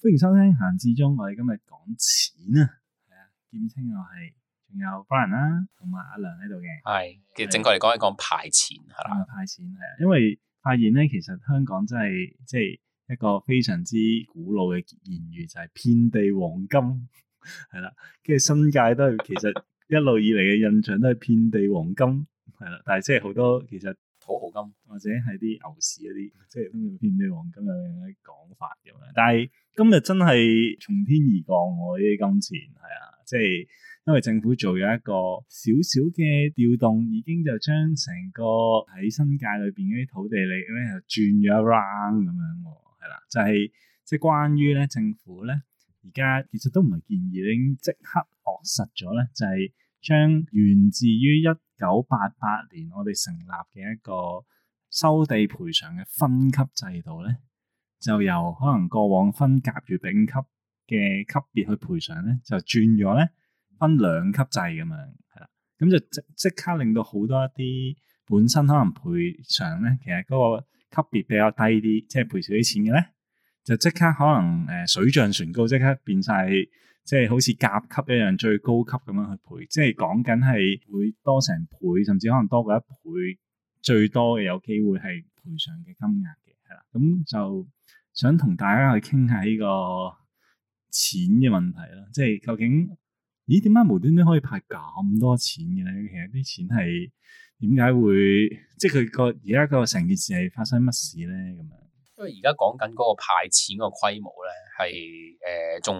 歡迎收聽閒置中，我哋今日講錢啊，係啊，劍青又係，仲有 Brian 啦，同埋阿梁喺度嘅，係，其實正確嚟講係講派錢係嘛，啊、派錢係、啊，因為發現咧，其實香港真係即係，就是一個非常之古老嘅言語就係遍地黃金，係 啦，跟住新界都係其實一路以嚟嘅印象都係遍地黃金，係 啦，但係即係好多其實土豪金或者係啲牛市嗰啲，即係都叫遍地黃金嘅講法咁。但係今日真係從天而降我啲金錢，係啊，即係因為政府做咗一個少少嘅調動，已經就將成個喺新界裏邊嗰啲土地嚟咧就轉咗一 round 咁樣。係啦、就是，就係即係關於咧政府咧，而家其實都唔係建議已經即刻落實咗咧，就係、是、將源自於一九八八年我哋成立嘅一個收地賠償嘅分級制度咧，就由可能過往分甲乙丙級嘅級別去賠償咧，就轉咗咧分兩級制咁樣，係啦，咁就即即刻令到好多一啲本身可能賠償咧，其實嗰、那個。級別比較低啲，即係賠少啲錢嘅咧，就即刻可能誒、呃、水漲船高，即刻變晒，即係好似甲級一樣最高級咁樣去賠，即係講緊係會多成倍，甚至可能多過一倍最多嘅有機會係賠償嘅金額嘅，係啦。咁就想同大家去傾下呢個錢嘅問題啦，即係究竟。咦，點解無端端可以派咁多錢嘅咧？其實啲錢係點解會，即係佢個而家個成件事係發生乜事咧？咁樣，因為而家講緊嗰個派錢個規模咧，係誒仲，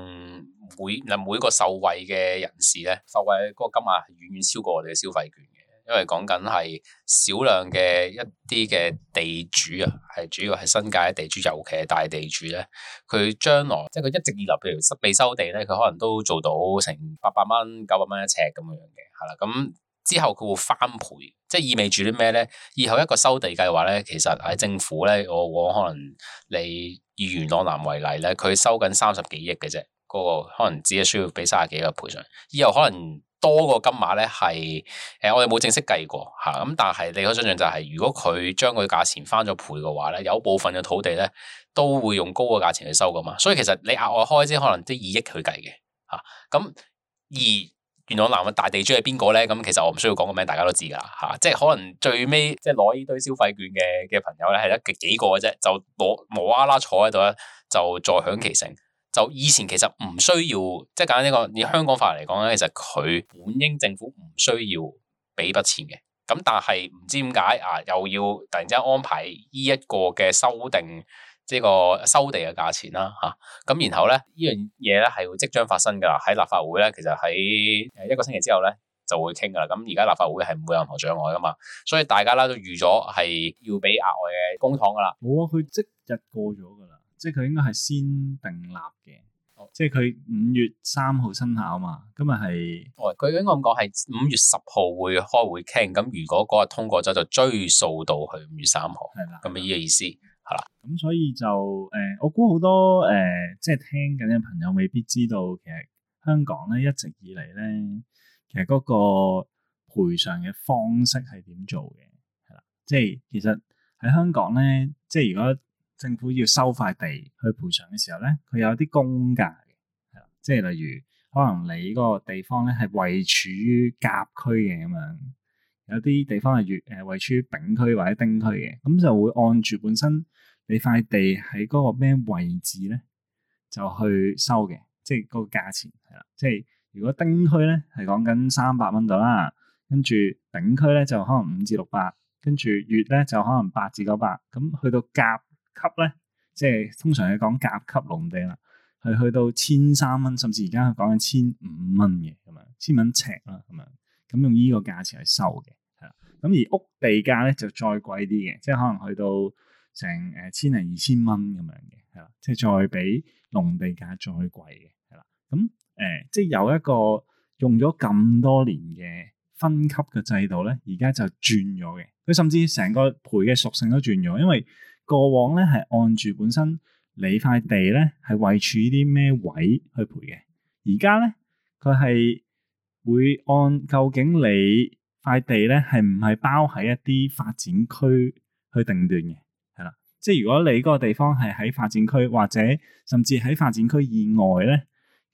每嗱每個受惠嘅人士咧，受惠嗰個金額係遠遠超過我哋嘅消費券嘅。因為講緊係少量嘅一啲嘅地主啊，係主要係新界地主，尤其係大地主咧，佢將來即係佢一直以嚟，譬如被收地咧，佢可能都做到成八百蚊、九百蚊一尺咁樣嘅，係啦。咁、嗯、之後佢會翻倍，即係意味住啲咩咧？以後一個收地計劃咧，其實喺政府咧，我我可能你以元朗南為例咧，佢收緊三十幾億嘅啫，嗰、那個可能只係需要俾三十幾嘅賠償，以後可能。多個金額咧係誒，我哋冇正式計過嚇，咁、啊、但係你可以想象就係、是，如果佢將佢價錢翻咗倍嘅話咧，有部分嘅土地咧都會用高嘅價錢去收噶嘛，所以其實你額外開支可能即二億去計嘅嚇，咁、啊、而元朗南嘅大地主係邊個咧？咁、嗯、其實我唔需要講個名，大家都知噶啦嚇，即係可能最尾即係攞呢堆消費券嘅嘅朋友咧係得幾幾個嘅啫，就攞無啦啦坐喺度咧就坐享其成。就以前其實唔需要，即係簡單呢個，以香港法嚟講咧，其實佢本應政府唔需要俾筆錢嘅。咁但係唔知點解啊，又要突然之間安排呢一個嘅修訂，即係個收地嘅價錢啦嚇。咁、啊、然後咧，呢樣嘢咧係會即將發生㗎啦。喺立法會咧，其實喺誒一個星期之後咧就會傾㗎啦。咁而家立法會係唔會有任何障礙㗎嘛。所以大家啦都預咗係要俾額外嘅公帑㗎啦。冇啊，佢即日過咗㗎啦。即係佢應該係先訂立嘅，哦、即係佢五月三號生效嘛，今日係。哦，佢應該咁講係五月十號會開會傾，咁如果嗰日通過咗，就追溯到去五月三號，係啦的。咁啊呢個意思係啦。咁所以就誒、呃，我估好多誒、呃，即係聽緊嘅朋友未必知道，其實香港咧一直以嚟咧，其實嗰個賠償嘅方式係點做嘅，係啦。即係其實喺香港咧，即係如果。政府要收塊地去賠償嘅時候咧，佢有啲公價嘅，係啦，即係例如可能你嗰個地方咧係位處於甲區嘅咁樣，有啲地方係乙誒位處於丙區或者丁區嘅，咁就會按住本身你塊地喺嗰個咩位置咧，就去收嘅，即係嗰個價錢係啦。即係如果丁區咧係講緊三百蚊度啦，跟住丙區咧就可能五至六百，跟住乙咧就可能八至九百，咁去到甲級咧，即係通常係講甲級農地啦，係去到千三蚊，甚至而家講緊千五蚊嘅咁樣，千蚊尺啦咁樣。咁用呢個價錢去收嘅係啦。咁而屋地價咧就再貴啲嘅，即係可能去到成誒千零二千蚊咁樣嘅係啦，即係再比農地價再貴嘅係啦。咁誒、呃，即係有一個用咗咁多年嘅分級嘅制度咧，而家就轉咗嘅。佢甚至成個賠嘅屬性都轉咗，因為。過往咧係按住本身你塊地咧係位處於啲咩位去賠嘅，而家咧佢係會按究竟你塊地咧係唔係包喺一啲發展區去定斷嘅，係啦，即係如果你嗰個地方係喺發展區或者甚至喺發展區以外咧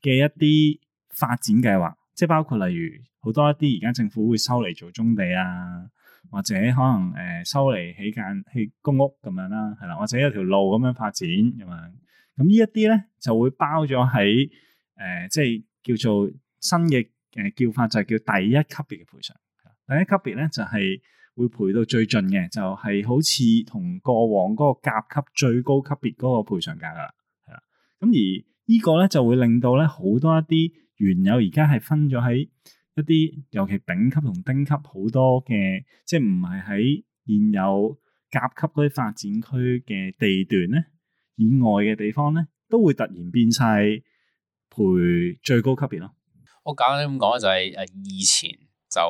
嘅一啲發展計劃，即係包括例如好多一啲而家政府會收嚟做中地啊。或者可能誒收嚟起間起公屋咁樣啦，係啦，或者有條路咁樣發展咁樣，咁呢一啲咧就會包咗喺誒，即係叫做新嘅誒、呃、叫法就係叫第一級別嘅賠償。第一級別咧就係、是、會賠到最盡嘅，就係、是、好似同過往嗰個甲級最高級別嗰個賠償價噶啦，係啦。咁而個呢個咧就會令到咧好多一啲原有而家係分咗喺。一啲尤其丙級同丁級好多嘅，即係唔係喺現有甲級嗰啲發展區嘅地段咧以外嘅地方咧，都會突然變晒賠最高級別咯。我簡單咁講就係、是、誒以前就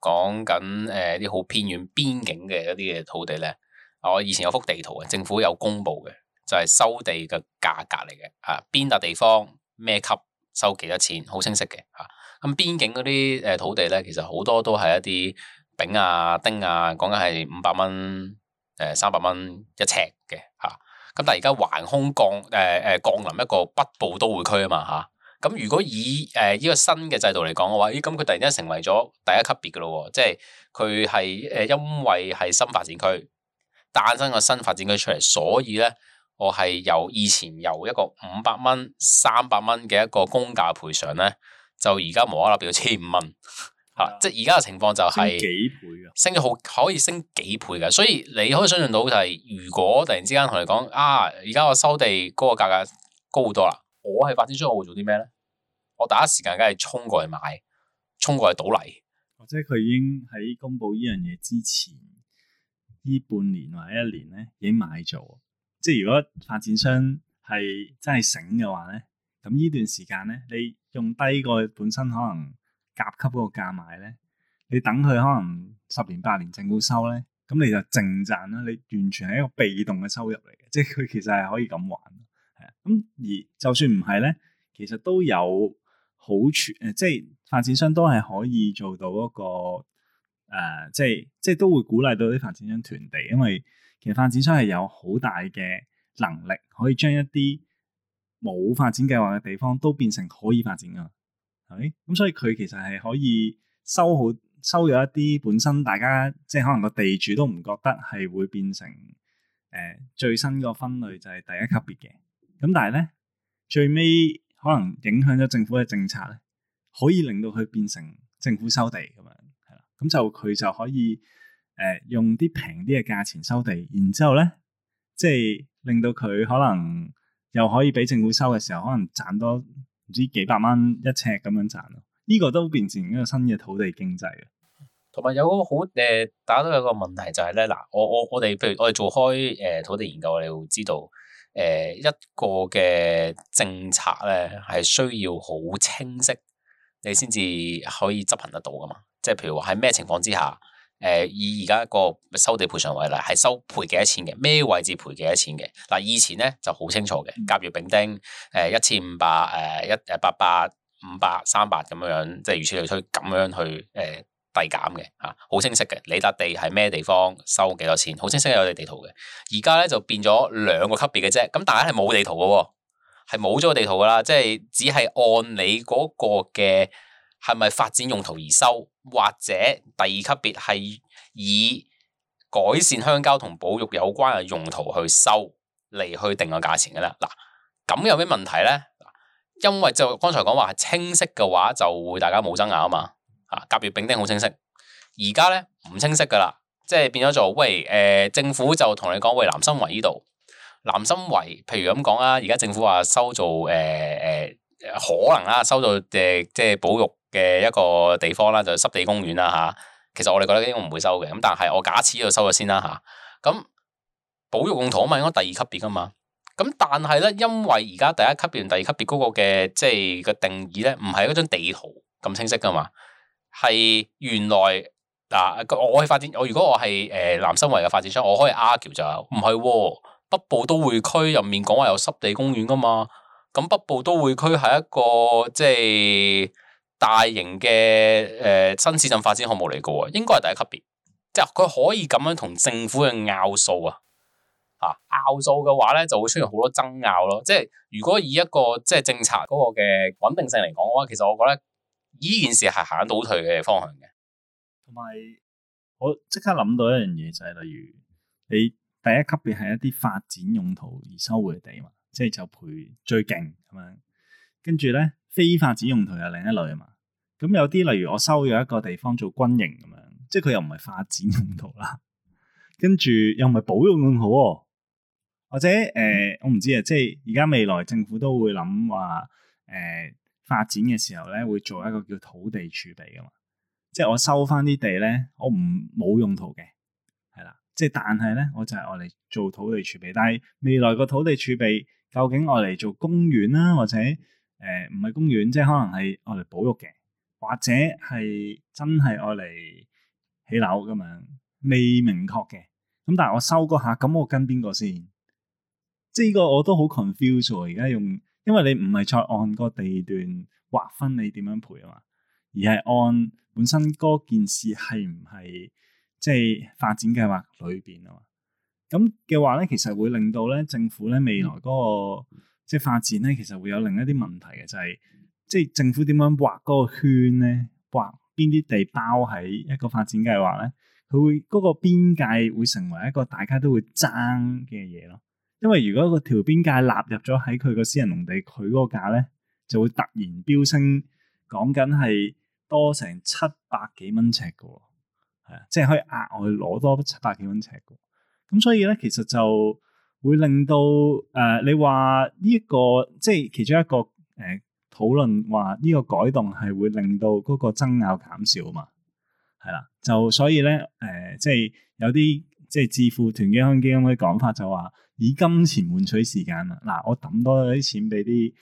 講緊誒啲好偏遠邊境嘅一啲嘅土地咧，我以前有幅地圖嘅，政府有公布嘅，就係、是、收地嘅價格嚟嘅啊。邊笪地方咩級收幾多錢，好清晰嘅啊。咁邊境嗰啲誒土地咧，其實好多都係一啲丙啊、丁啊，講緊係五百蚊、誒三百蚊一尺嘅嚇。咁、啊、但係而家橫空降誒誒、呃、降臨一個北部都會區啊嘛嚇。咁如果以誒呢、呃這個新嘅制度嚟講嘅話，咦咁佢突然間成為咗第一級別嘅咯喎，即係佢係誒因為係新發展區誕生個新發展區出嚟，所以咧我係由以前由一個五百蚊、三百蚊嘅一個公價賠償咧。就而家無可啦，變到千五蚊嚇，即係而家嘅情況就係幾倍啊！ 升咗好可以升幾倍嘅，所以你可以想像到就係，如果突然之間同你講啊，而家我收地嗰個價格高好多啦，我係發展商，我會做啲咩咧？我第一時間梗係衝過嚟買，衝過嚟倒嚟，或者佢已經喺公佈呢樣嘢之前，呢半年或者一年咧已經買咗。即係如果發展商係真係醒嘅話咧。咁呢段時間咧，你用低個本身可能甲級嗰個價買咧，你等佢可能十年八年政府收咧，咁你就淨賺啦。你完全係一個被動嘅收入嚟嘅，即係佢其實係可以咁玩。係啊，咁而就算唔係咧，其實都有好處誒，即係發展商都係可以做到一個誒、呃，即係即係都會鼓勵到啲發展商囤地，因為其實發展商係有好大嘅能力可以將一啲，冇發展計劃嘅地方都變成可以發展㗎，係咪咁？所以佢其實係可以收好收咗一啲本身大家即係可能個地主都唔覺得係會變成誒、呃、最新個分類就係第一級別嘅。咁但係咧，最尾可能影響咗政府嘅政策咧，可以令到佢變成政府收地咁樣，係啦，咁就佢就可以誒、呃、用啲平啲嘅價錢收地，然之後咧，即係令到佢可能。又可以畀政府收嘅時候，可能賺多唔知幾百蚊一尺咁樣賺咯。呢、這個都變成一個新嘅土地經濟嘅。同埋有個好誒，大家都有個問題就係、是、咧，嗱，我我我哋譬如我哋做開誒、呃、土地研究，你會知道誒、呃、一個嘅政策咧係需要好清晰，你先至可以執行得到噶嘛。即係譬如話喺咩情況之下？誒以而家個收地賠償為例，係收賠幾多錢嘅？咩位置賠幾多錢嘅？嗱，以前咧就好清楚嘅，甲乙丙丁誒一千五百誒一八百五百三百咁樣樣，即係如此類推咁樣去誒遞減嘅嚇，好清晰嘅。你笪地係咩地方收幾多錢？好清晰嘅，有地圖嘅。而家咧就變咗兩個級別嘅啫，咁大家係冇地圖嘅喎，係冇咗個地圖嘅啦，即係只係按你嗰個嘅。係咪發展用途而收，或者第二級別係以改善鄉郊同保育有關嘅用途去收嚟，去定個價錢嘅啦？嗱，咁有咩問題咧？因為就剛才講話係清晰嘅話，就會大家冇爭拗啊嘛。啊，甲乙丙丁好清晰，而家咧唔清晰噶啦，即係變咗做喂、誒、呃，政府就同你講喂，南新圍呢度，南新圍，譬如咁講啊，而家政府話收做誒誒。呃呃可能啦，收到誒，即係保育嘅一個地方啦，就是、濕地公園啦吓。其實我哋覺得應該唔會收嘅，咁但係我假設就收咗先啦吓。咁、嗯、保育用途啊嘛，應該第二級別噶嘛。咁但係咧，因為而家第一級別同第二級別嗰個嘅即係個定義咧，唔係嗰張地圖咁清晰噶嘛。係原來嗱、啊，我去發展，我如果我係誒南新圍嘅發展商，我可以 argue 就，唔係，北部都會區入面講話有濕地公園噶嘛？咁北部都會區係一個即係大型嘅誒、呃、新市鎮發展項目嚟嘅喎，應該係第一級別，即係佢可以咁樣同政府嘅拗數啊，啊拗數嘅話咧就會出現好多爭拗咯，即係如果以一個即係政策嗰個嘅穩定性嚟講嘅話，其實我覺得呢件事係行倒退嘅方向嘅。同埋我即刻諗到一樣嘢就係、是，例如你第一級別係一啲發展用途而收回地嘛。即係就賠最勁咁樣，跟住咧，非發展用途又另一類啊嘛。咁有啲例如我收咗一個地方做軍營咁樣，即係佢又唔係發展用途啦。跟住又唔係保育用途，或者誒、呃、我唔知啊。即係而家未來政府都會諗話誒發展嘅時候咧，會做一個叫土地儲備啊嘛。即係我收翻啲地咧，我唔冇用途嘅係啦。即係但係咧，我就係我嚟做土地儲備。但係未來個土地儲備究竟我嚟做公園啦，或者誒唔係公園，即係可能係我嚟保育嘅，或者係真係我嚟起樓咁樣未明確嘅。咁但係我收割下，咁我跟邊個先？即係呢個我都好 c o n f u s e 而家用，因為你唔係再按個地段劃分你點樣賠啊嘛，而係按本身嗰件事係唔係即係發展計劃裏邊啊嘛。咁嘅話咧，其實會令到咧政府咧未來嗰個即係發展咧，其實會有另一啲問題嘅，就係即係政府點樣畫嗰個圈咧？畫邊啲地包喺一個發展計劃咧？佢會嗰個邊界會成為一個大家都會爭嘅嘢咯。因為如果個條邊界納入咗喺佢個私人農地，佢嗰個價咧就會突然飆升，講緊係多成七百幾蚊尺嘅，係啊，即係可以額外攞多七百幾蚊尺嘅。咁所以咧，其實就會令到誒、呃，你話呢一個即係其中一個誒討論話呢個改動係會令到嗰個爭拗減少嘛？係啦，就所以咧誒、呃，即係有啲即係智庫團結香港基金嘅講法就話以金錢換取時間啦。嗱，我抌多啲錢俾啲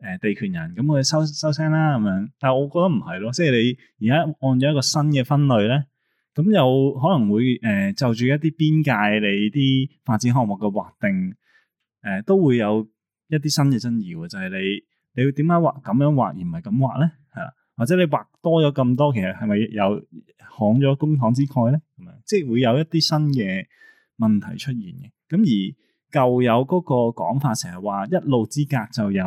誒地權人，咁我收收聲啦咁樣。但係我覺得唔係咯，即係你而家按咗一個新嘅分類咧。咁有可能會誒就住一啲邊界，你啲發展項目嘅劃定誒都會有一啲新嘅爭議嘅，就係你你要點解劃咁樣劃，而唔係咁劃咧？係啦，或者你劃多咗咁多，其實係咪有行咗公帑之慨咧？咁樣即係會有一啲新嘅問題出現嘅。咁而舊有嗰個講法，成日話一路之隔就有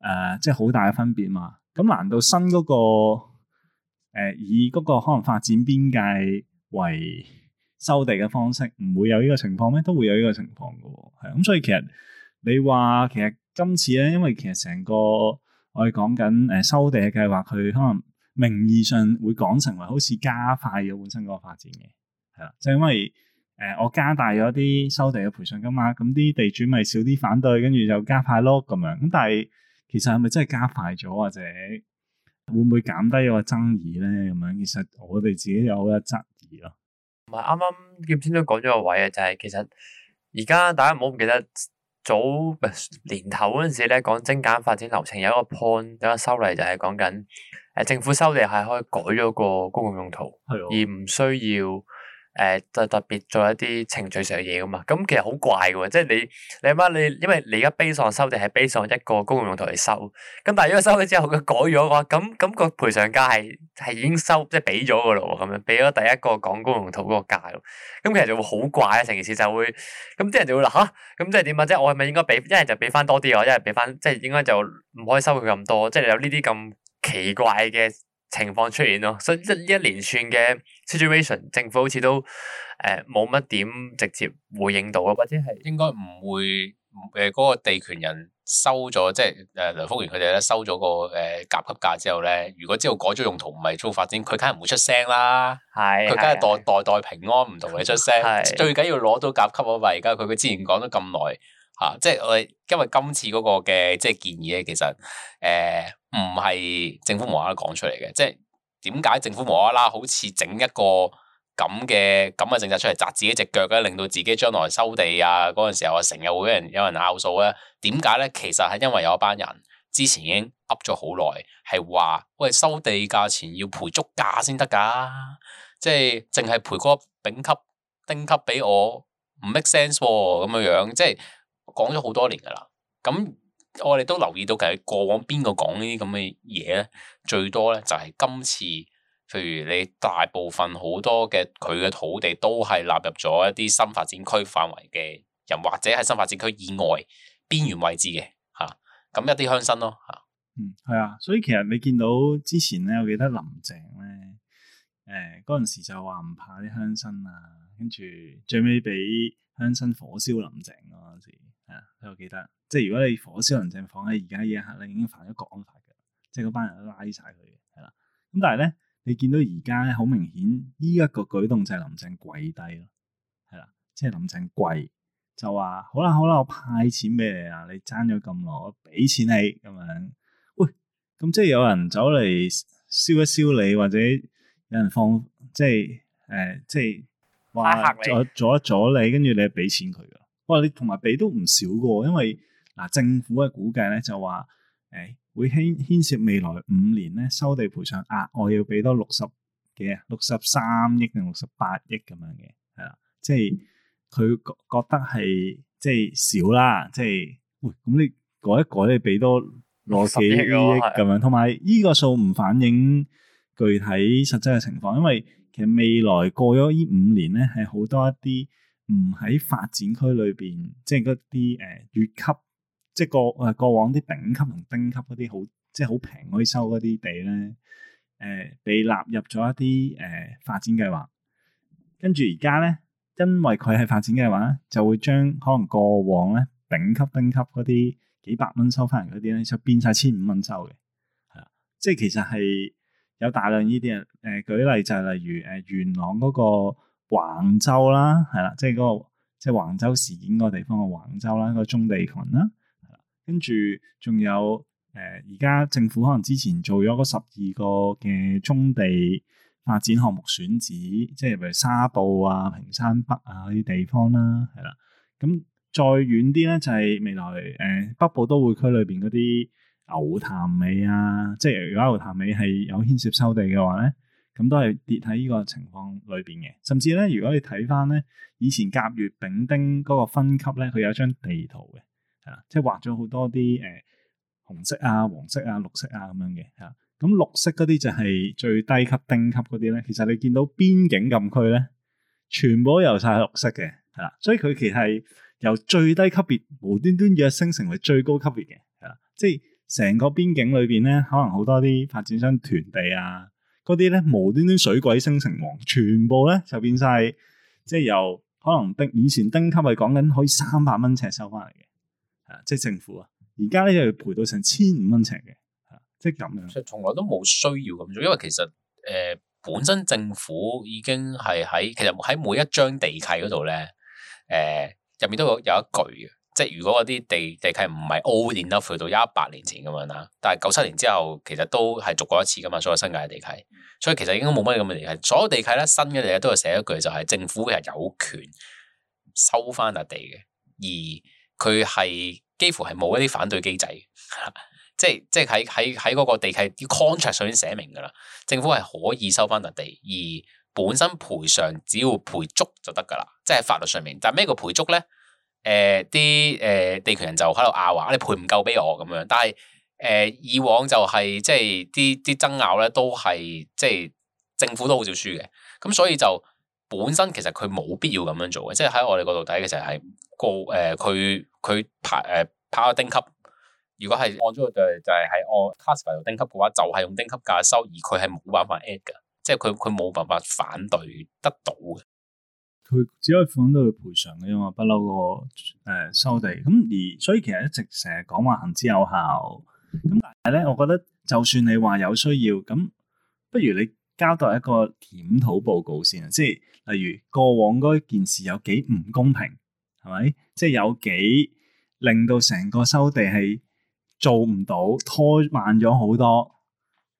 誒，即係好大嘅分別嘛。咁難道新嗰個？誒以嗰個可能發展邊界為收地嘅方式，唔會有呢個情況咩？都會有呢個情況嘅喎，係啊，咁所以其實你話其實今次咧，因為其實成個我哋講緊誒收地嘅計劃，佢可能名義上會講成為好似加快咗本身嗰個發展嘅，係啦，就係、因為誒、呃、我加大咗啲收地嘅賠償金嘛。咁啲地主咪少啲反對，跟住就加快咯咁樣。咁但係其實係咪真係加快咗或者？會唔會減低個爭議咧？咁樣其實我哋自己有嘅質疑咯。唔係啱啱劍先都講咗個位啊，就係、是、其實而家大家唔好唔記得早年頭嗰陣時咧，講精簡發展流程，有一個 point，有一個修例就係講緊誒，政府修例係可以改咗個公共用途，的而唔需要。誒就、呃、特別做一啲程序上嘅嘢噶嘛，咁其實好怪嘅喎，即係你你諗下你，因為你而家悲上收定係悲上一個公共用途嚟收，咁但係如果收咗之後佢改咗嘅話，咁咁、嗰個賠償價係係已經收即係俾咗嘅咯喎，咁樣俾咗第一個講公共用途嗰個價咯，咁其實就會好怪啊，成件事就會，咁啲人就會話吓，咁即係點啊？即係我係咪應該俾一係就俾翻多啲啊？一係俾翻即係應該就唔可以收佢咁多，即係有呢啲咁奇怪嘅。情況出現咯，所以一一連串嘅 situation，政府好似都誒冇乜點直接回應到啊，或者係應該唔會誒嗰個地權人收咗，即係誒梁福源佢哋咧收咗個誒甲級價之後咧，如果之後改咗用途唔係租發展，佢梗係唔會出聲啦。係，佢梗係代代代平安唔同你出聲，係係最緊要攞到甲級啊嘛！而家佢佢之前講咗咁耐。啊！即係我哋因為今次嗰個嘅即係建議咧，其實誒唔係政府無啦啦講出嚟嘅。即係點解政府無啦啦好似整一個咁嘅咁嘅政策出嚟砸自己隻腳咧？令到自己將來收地啊嗰陣、那個、時候，成日會有人有人拗數咧。點解咧？其實係因為有一班人之前已經噏咗好耐，係話喂，收地價錢要賠足價先得㗎，即係淨係賠個丙級丁級俾我唔 make sense 喎、哦，咁樣樣即係。講咗好多年㗎喇，咁我哋都留意到，其實過往邊個講呢啲咁嘅嘢咧，最多咧就係今次，譬如你大部分好多嘅佢嘅土地都係納入咗一啲新發展區範圍嘅人，或者喺新發展區以外邊緣位置嘅吓，咁、啊、一啲鄉紳咯吓，嗯係啊，所以其實你見到之前咧，我記得林鄭咧，誒嗰陣時就話唔怕啲鄉紳啊，跟住最尾俾鄉紳火燒林鄭嗰陣時。我記得，即係如果你火燒林鄭放喺而家呢一刻，咧已經犯咗國安法嘅，即係嗰班人都拉晒佢嘅，係啦。咁但係咧，你見到而家咧好明顯，呢、這、一個舉動就係林鄭跪低咯，係啦，即係林鄭跪就話：好啦好啦，我派錢俾你啊，你爭咗咁耐，我俾錢給你咁樣。喂，咁即係有人走嚟燒一燒你，或者有人放即係誒，即係話、呃、阻，阻，阻一阻你，跟住你係俾錢佢嘅。你同埋俾都唔少嘅，因為嗱、啊、政府嘅估計咧就話，誒、哎、會牽牽涉未來五年咧收地賠償額外、啊、要俾多六十幾啊六十三億定六十八億咁樣嘅，係、啊、啦，即係佢覺覺得係即係少啦，即係喂，咁你改一改你俾多攞幾億咁樣，同埋呢個數唔反映具體實際嘅情況，因為其實未來過咗呢五年咧係好多一啲。唔喺發展區裏邊，即係嗰啲誒，越、呃、級即係過誒過往啲頂級同丁級嗰啲好，即係好平可以收嗰啲地咧，誒、呃、被納入咗一啲誒、呃、發展計劃，跟住而家咧，因為佢係發展計劃，就會將可能過往咧頂級丁級嗰啲幾百蚊收翻嚟嗰啲咧，就變晒千五蚊收嘅。係啦，即係其實係有大量呢啲誒，舉例就係例如誒、呃、元朗嗰、個。橫州啦，係啦，即係嗰個即係橫州事件嗰地方嘅橫州啦，嗰個棕地群啦，係啦，跟住仲有誒，而家政府可能之前做咗嗰十二個嘅棕地發展項目選址，即係譬如沙埔啊、屏山北啊嗰啲地方啦，啊，係啦，咁再遠啲咧就係未來誒北部都會區裏邊嗰啲牛潭尾啊，即係如果牛潭尾係有牽涉收地嘅話咧。咁都係跌喺呢個情況裏邊嘅，甚至咧，如果你睇翻咧以前甲乙丙丁嗰個分級咧，佢有張地圖嘅，啊，即係畫咗好多啲誒、呃、紅色啊、黃色啊、綠色啊咁樣嘅，啊，咁綠色嗰啲就係最低級丁級嗰啲咧。其實你見到邊境禁區咧，全部都由曬綠色嘅，係啦，所以佢其實係由最低級別無端端躍升成為最高級別嘅，係啦，即係成個邊境裏邊咧，可能好多啲發展商囤地啊。啊嗰啲咧無端端水鬼升成王，全部咧就變晒，即係由可能的以前丁級係講緊可以三百蚊尺收翻嚟嘅，啊，即係政府啊，而家咧又要賠到成千五蚊尺嘅，係即係咁樣。其實從來都冇需要咁做，因為其實誒、呃、本身政府已經係喺其實喺每一張地契嗰度咧，誒、呃、入面都有有一句嘅。即係如果嗰啲地地契唔係 old enough 去到一百年前咁樣啦，但係九七年之後其實都係續過一次噶嘛，所有新界嘅地契，所以其實應該冇乜咁嘅地契。所有地契咧，新嘅地契都有寫一句就係政府嘅係有權收翻笪地嘅，而佢係幾乎係冇一啲反對機制， 即係即係喺喺喺嗰個地契啲 contract 上面寫明噶啦，政府係可以收翻笪地，而本身賠償只要賠足就得噶啦，即係法律上面。但係咩叫賠足咧？誒啲誒地權人就喺度拗話：你賠唔夠俾我咁樣，但係誒、呃、以往就係、是、即係啲啲爭拗咧，都係即係政府都好少輸嘅。咁所以就本身其實佢冇必要咁樣做嘅，即係喺我哋角度睇嘅時候係告佢佢拍誒拍下丁級。如果係按咗佢就係按卡斯牌做丁級嘅話，就係、是、用丁級價收，而佢係冇辦法 add 嘅，即係佢佢冇辦法反對得到嘅。佢只可以款到要賠償嘅啫嘛，不嬲嗰個收地咁而，所以其實一直成日講話行之有效咁，但係咧，我覺得就算你話有需要，咁不如你交代一個檢討報告先，即係例如過往嗰件事有幾唔公平係咪？即係有幾令到成個收地係做唔到，拖慢咗好多，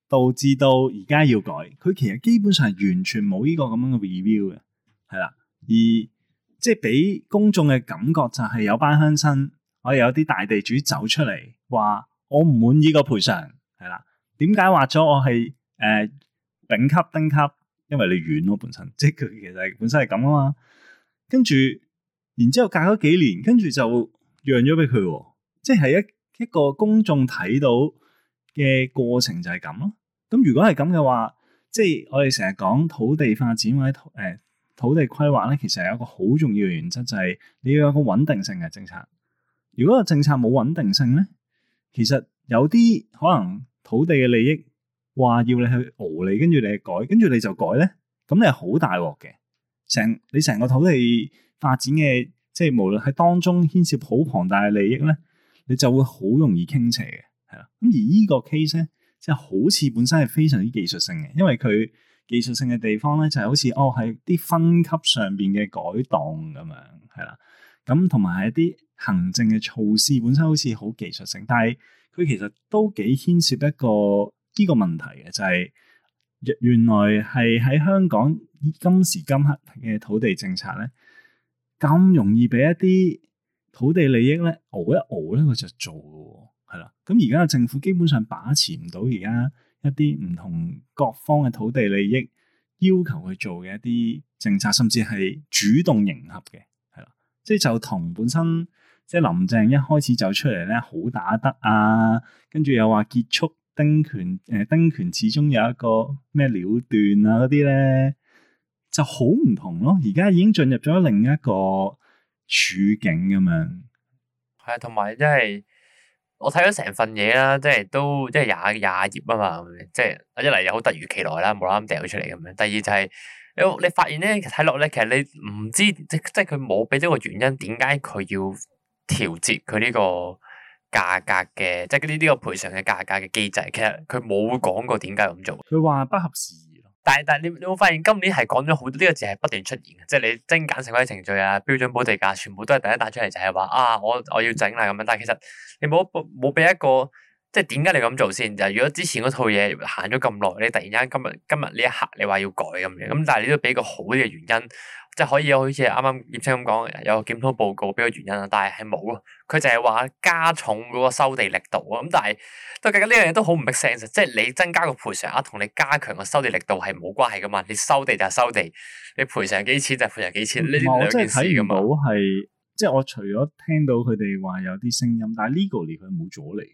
導致到而家要改，佢其實基本上係完全冇呢個咁樣嘅 review 嘅，係啦。而即係俾公眾嘅感覺就係有班鄉紳，我哋有啲大地主走出嚟，話我唔滿意個賠償，係啦，點解話咗我係誒、呃、丙級丁級，因為你遠咯本身，即係佢其實本身係咁啊嘛。跟住，然之後隔咗幾年，跟住就讓咗俾佢，即係一一個公眾睇到嘅過程就係咁咯。咁如果係咁嘅話，即係我哋成日講土地發展或者誒。呃土地規劃咧，其實係一個好重要嘅原則，就係、是、你要有個穩定性嘅政策。如果個政策冇穩定性咧，其實有啲可能土地嘅利益話要你去熬你，跟住你去改，跟住你就改咧，咁你係好大鑊嘅。成你成個土地發展嘅，即係無論喺當中牽涉好龐大嘅利益咧，你就會好容易傾斜嘅，係啦。咁而呢個 case 咧，即係好似本身係非常之技術性嘅，因為佢。技術性嘅地方咧，就係、是、好似哦，係啲分級上邊嘅改動咁樣，係啦。咁同埋係一啲行政嘅措施，本身好似好技術性，但係佢其實都幾牽涉一個呢個問題嘅，就係、是、原來係喺香港今時今刻嘅土地政策咧，咁容易俾一啲土地利益咧，熬一熬咧，佢就做喎，係啦。咁而家嘅政府基本上把持唔到而家。一啲唔同各方嘅土地利益要求去做嘅一啲政策，甚至係主動迎合嘅，係啦，即係就同、是、本身即係、就是、林鄭一開始就出嚟咧好打得啊，跟住又話結束丁權，誒、呃、丁權始終有一個咩了斷啊嗰啲咧就好唔同咯。而家已經進入咗另一個處境咁樣，係啊，同埋即係。我睇咗成份嘢啦，即係都即係廿廿頁啊嘛，即係一嚟又好突如其來啦，冇啦啦掟咗出嚟咁樣。第二就係，你你發現咧，睇落咧，其實你唔知即即係佢冇俾到個原因點解佢要調節佢呢個價格嘅，即係呢呢個賠償嘅價格嘅機制。其實佢冇講過點解咁做。佢話不合時但係但係，你你有冇發現今年係講咗好多呢個字係不斷出現嘅，即係你精簡審批程序啊、標準補地價，全部都係第一打出嚟就係話啊，我我要整啦咁樣。但係其實你冇冇俾一個。即係點解你咁做先？就係、如果之前嗰套嘢行咗咁耐，你突然間今日今日呢一刻你話要改咁樣，咁但係你都俾個好嘅原因，即係可以，好似啱啱葉青咁講，有個檢討報告，俾個原因啊，但係係冇咯，佢就係話加重嗰個收地力度啊，咁但係都覺得呢樣嘢都好唔 make sense，即係你增加個賠償額同你加強個收地力度係冇關係噶嘛，你收地就係收地，你賠償幾錢就係賠償幾錢，呢兩是些件事冇，係即係我除咗聽到佢哋話有啲聲音，但係 legally 佢冇阻你。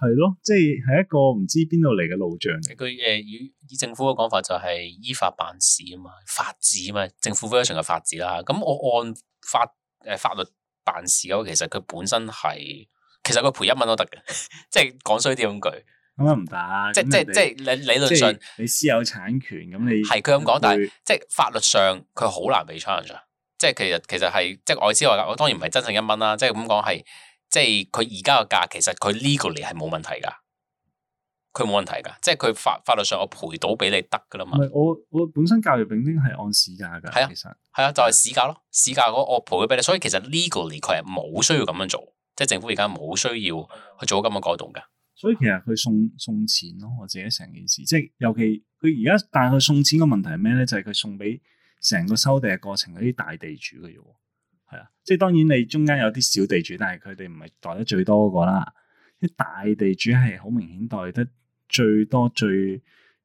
係咯，即係係一個唔知邊度嚟嘅老將。佢誒，以以政府嘅講法就係依法辦事啊嘛，法治啊嘛，政府 version 係法治啦。咁我按法誒法律辦事嘅話，其實佢本身係，其實佢賠一蚊都得嘅， 即係講衰啲咁句，咁樣唔得。你即即即理理論上，你私有產權咁你係佢咁講，但係即法律上佢好難被 challenge。即其實其實係即我之外，外，我當然唔係真正一蚊啦，即係咁講係。即係佢而家個價，其實佢 legally 係冇問題噶，佢冇問題噶，即係佢法法律上我賠到俾你得噶啦嘛。唔係我我本身教育丙丁係按市價噶，係啊，其實係啊，就係市價咯，市價我我賠咗俾你，所以其實 legally 佢係冇需要咁樣做，即係政府而家冇需要去做咁嘅改動噶。所以其實佢送送錢咯，我自己成件事，即係尤其佢而家但係佢送錢嘅問題係咩咧？就係佢送俾成個收地嘅過程嗰啲大地主嘅啫。係啊，即係當然你中間有啲小地主，但係佢哋唔係代得最多個啦。啲大地主係好明顯代得最多最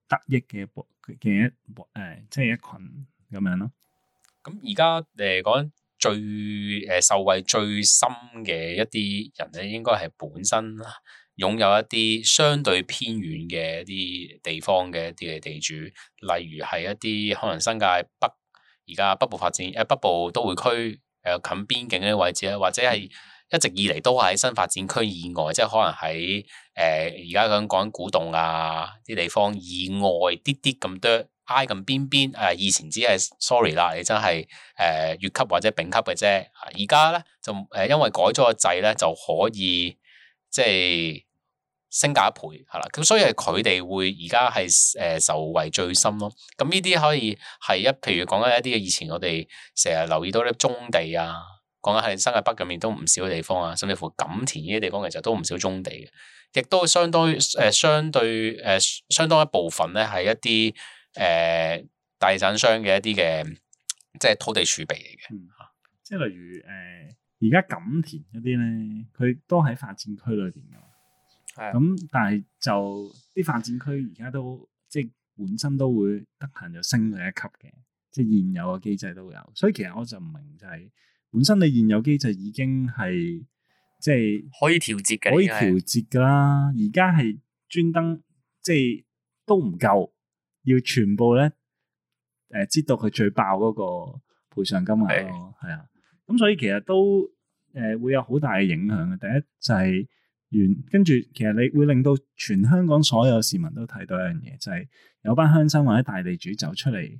得益嘅嘅一博誒，即係一群咁樣咯。咁而家誒講最誒、呃、受惠最深嘅一啲人咧，應該係本身擁有一啲相對偏遠嘅一啲地方嘅一啲地主，例如係一啲可能新界北而家北部發展誒、呃、北部都會區。誒近邊境嘅位置咧，或者係一直以嚟都係喺新發展區以外，即係可能喺誒而家咁講古洞啊啲地方以外啲啲咁多挨咁邊邊誒，以前只係 sorry 啦，你真係誒、呃、乙級或者丙級嘅啫，而家咧就誒因為改咗個掣咧，就可以即係。升價一倍係啦，咁所以係佢哋會而家係誒受惠最深咯。咁呢啲可以係一譬如講緊一啲嘅以前我哋成日留意到啲棕地啊，講緊係新界北入面都唔少嘅地方啊，甚至乎錦田呢啲地方其實都唔少棕地嘅，亦都相當於誒、呃、相對誒、呃、相當一部分咧係一啲誒、呃、大產商嘅一啲嘅即係土地儲備嚟嘅、嗯，即係例如誒而家錦田嗰啲咧，佢都喺發展區裏邊。咁、嗯，但係就啲發展區而家都即係本身都會得閒就升佢一級嘅，即係現有嘅機制都有。所以其實我就唔明就係、是、本身你現有機制已經係即係可以調節嘅，可以調節㗎啦。而家係專登即係都唔夠，要全部咧誒、呃、知道佢最爆嗰個賠償金嚟咯，賠償金額咯。係啊的，咁、嗯、所以其實都誒、呃、會有好大嘅影響嘅。第一就係、是。完，跟住，其實你會令到全香港所有市民都睇到一樣嘢，就係、是、有班鄉紳或者大地主走出嚟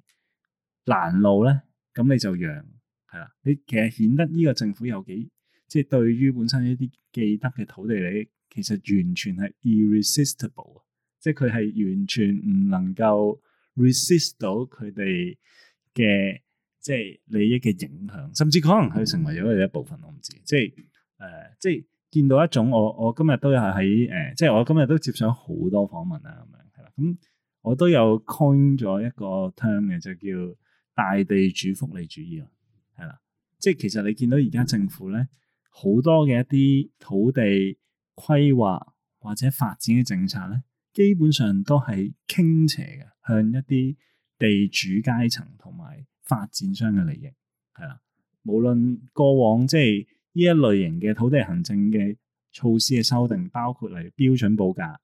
攔路咧，咁你就讓係啦。你其實顯得呢個政府有幾即係對於本身一啲既得嘅土地利益，其實完全係 irresistible，即係佢係完全唔能夠 resist 到佢哋嘅即係利益嘅影響，甚至可能佢成為咗一部分，我唔知。即係誒、呃，即係。見到一種我我今日都有喺誒，即係我今日都接上好多訪問啊，咁樣，係啦，咁我都有 coin 咗一個 term 嘅，就叫大地主福利主義啊，係啦，即係其實你見到而家政府咧，好多嘅一啲土地規劃或者發展嘅政策咧，基本上都係傾斜嘅向一啲地主階層同埋發展商嘅利益，係啦，無論過往即係。呢一類型嘅土地行政嘅措施嘅修訂，包括嚟標準補價，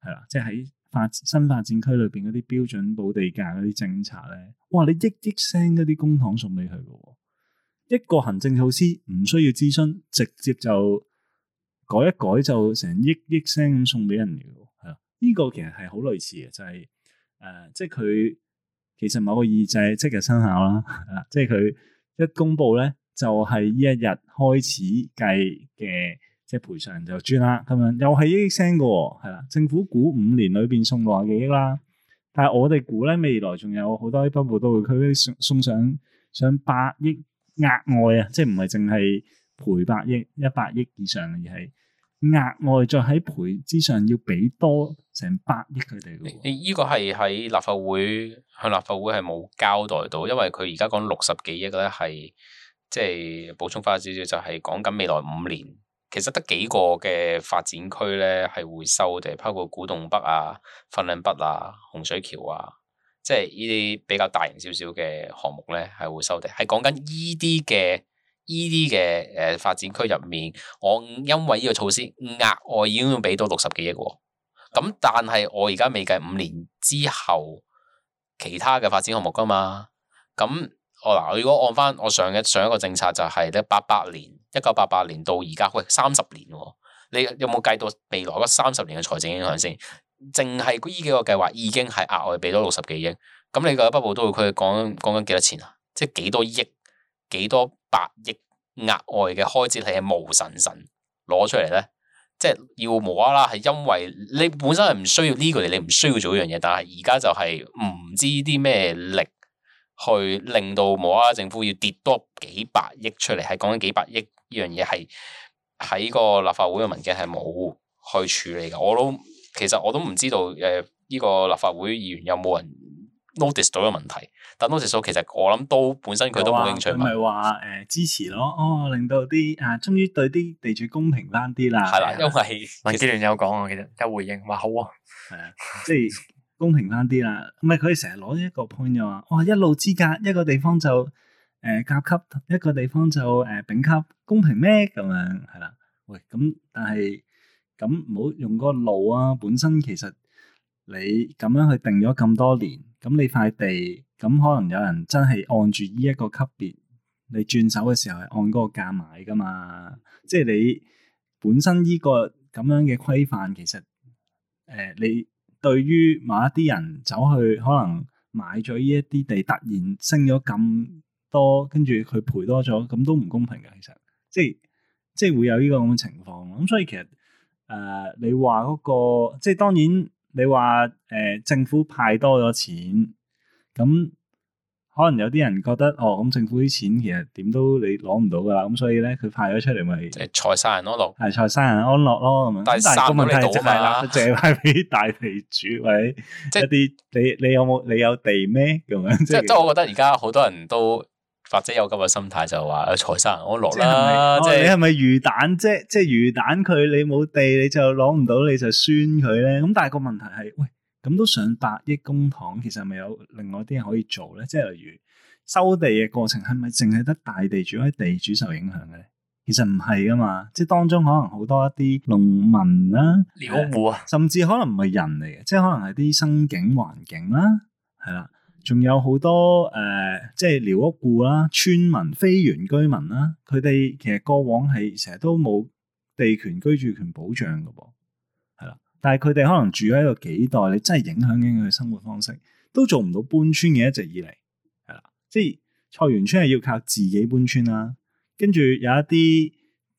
係啦，即係喺發新發展區裏邊嗰啲標準補地價嗰啲政策咧，哇！你億億聲嗰啲公帑送俾佢嘅，一個行政措施唔需要諮詢，直接就改一改就成億億聲咁送俾人嘅，係啦，呢、這個其實係好類似嘅，就係、是、誒、呃，即係佢其實某個意制即日生效啦，即係佢一公布咧。就係呢一日開始計嘅，即係賠償就轉啦咁樣，又係億億聲嘅，係啦。政府估五年裏邊送六十幾億啦，但係我哋估咧未來仲有好多啲北部都會區送上上百億額外啊，即係唔係淨係賠百億、一百億以上，而係額外再喺賠之上要俾多成百億佢哋嘅。你呢個係喺立法會向立法會係冇交代到，因為佢而家講六十幾億咧係。即係補充翻少少，就係講緊未來五年，其實得幾個嘅發展區咧，係會收地，包括古洞北啊、粉嶺北啊、洪水橋啊，即係呢啲比較大型少少嘅項目咧，係會收地。係講緊依啲嘅依啲嘅誒發展區入面，我因為呢個措施，額外已經俾到六十幾億喎啊。咁但係我而家未計五年之後其他嘅發展項目㗎嘛？咁。我嗱，哦，如果按翻我上一上一個政策就係咧八八年，一九八八年到而家，喂三十年，哦，你有冇計到未來嗰三十年嘅財政影響先？淨係呢幾個計劃已經係額外俾多六十幾億，咁你個北部都會區講講緊幾多錢啊？即係幾多億？幾多百億額外嘅開支係無神神攞出嚟咧？即係要無啦啦係因為你本身係唔需要呢個嘢，你唔需要做呢樣嘢，但係而家就係唔知啲咩力。去令到無啦啦政府要跌多幾百億出嚟，係講緊幾百億呢樣嘢，係喺個立法會嘅文件係冇去處理嘅。我都其實我都唔知道誒，依、呃呢個立法會議員有冇人 notice 到嘅問題？但 notice 到其實我諗都本身佢都冇興趣。唔係話誒支持咯。哦，令到啲啊，終於對啲地主公平返啲啦。係啦，因為民建聯有講啊，其實有回應話好啊。係啊，即係。公平翻啲啦，唔係佢哋成日攞一個 point 啊！哇、哦，一路之隔一個地方就誒、呃、甲級，一個地方就誒、呃、丙級，公平咩？咁樣係啦。喂，咁但係咁唔好用個路啊！本身其實你咁樣去定咗咁多年，咁你塊地咁可能有人真係按住呢一個級別，你轉手嘅時候係按嗰個價買㗎嘛？即係你本身呢個咁樣嘅規範，其實誒、呃、你。對於某一啲人走去可能買咗呢一啲地，突然升咗咁多，跟住佢賠多咗，咁都唔公平嘅。其實，即係即係會有呢個咁嘅情況。咁所以其實誒、呃，你話嗰、嗰個即係當然你，你話誒政府派多咗錢，咁。可能有啲人覺得哦，咁政府啲錢其實點都你攞唔到噶啦，咁所以咧佢派咗出嚟咪財散人安樂，係財散人安樂咯咁。但係個問題就係啦，借翻俾大地主或者一啲你你有冇你有地咩咁樣？即即我覺得而家好多人都或者有咁嘅心態，就話財散人安樂啦。即係你係咪魚蛋啫？即魚蛋佢你冇地你就攞唔到，你就酸佢咧。咁但係個問題係喂。咁都上百億公帑，其實咪有另外啲人可以做咧？即係例如收地嘅過程，係咪淨係得大地主、喺地主受影響嘅？其實唔係噶嘛，即係當中可能好多一啲農民啦、寮屋戶啊，屋甚至可能唔係人嚟嘅，即係可能係啲生境環境啦、啊，係啦，仲有好多誒，即係寮屋戶啦、啊、村民、非原居民啦、啊，佢哋其實過往係成日都冇地權居住權保障嘅噃、啊。但係佢哋可能住喺度幾代，你真係影響緊佢嘅生活方式，都做唔到搬村嘅。一直以嚟，係啦，即係菜園村係要靠自己搬村啦。跟住有一啲誒、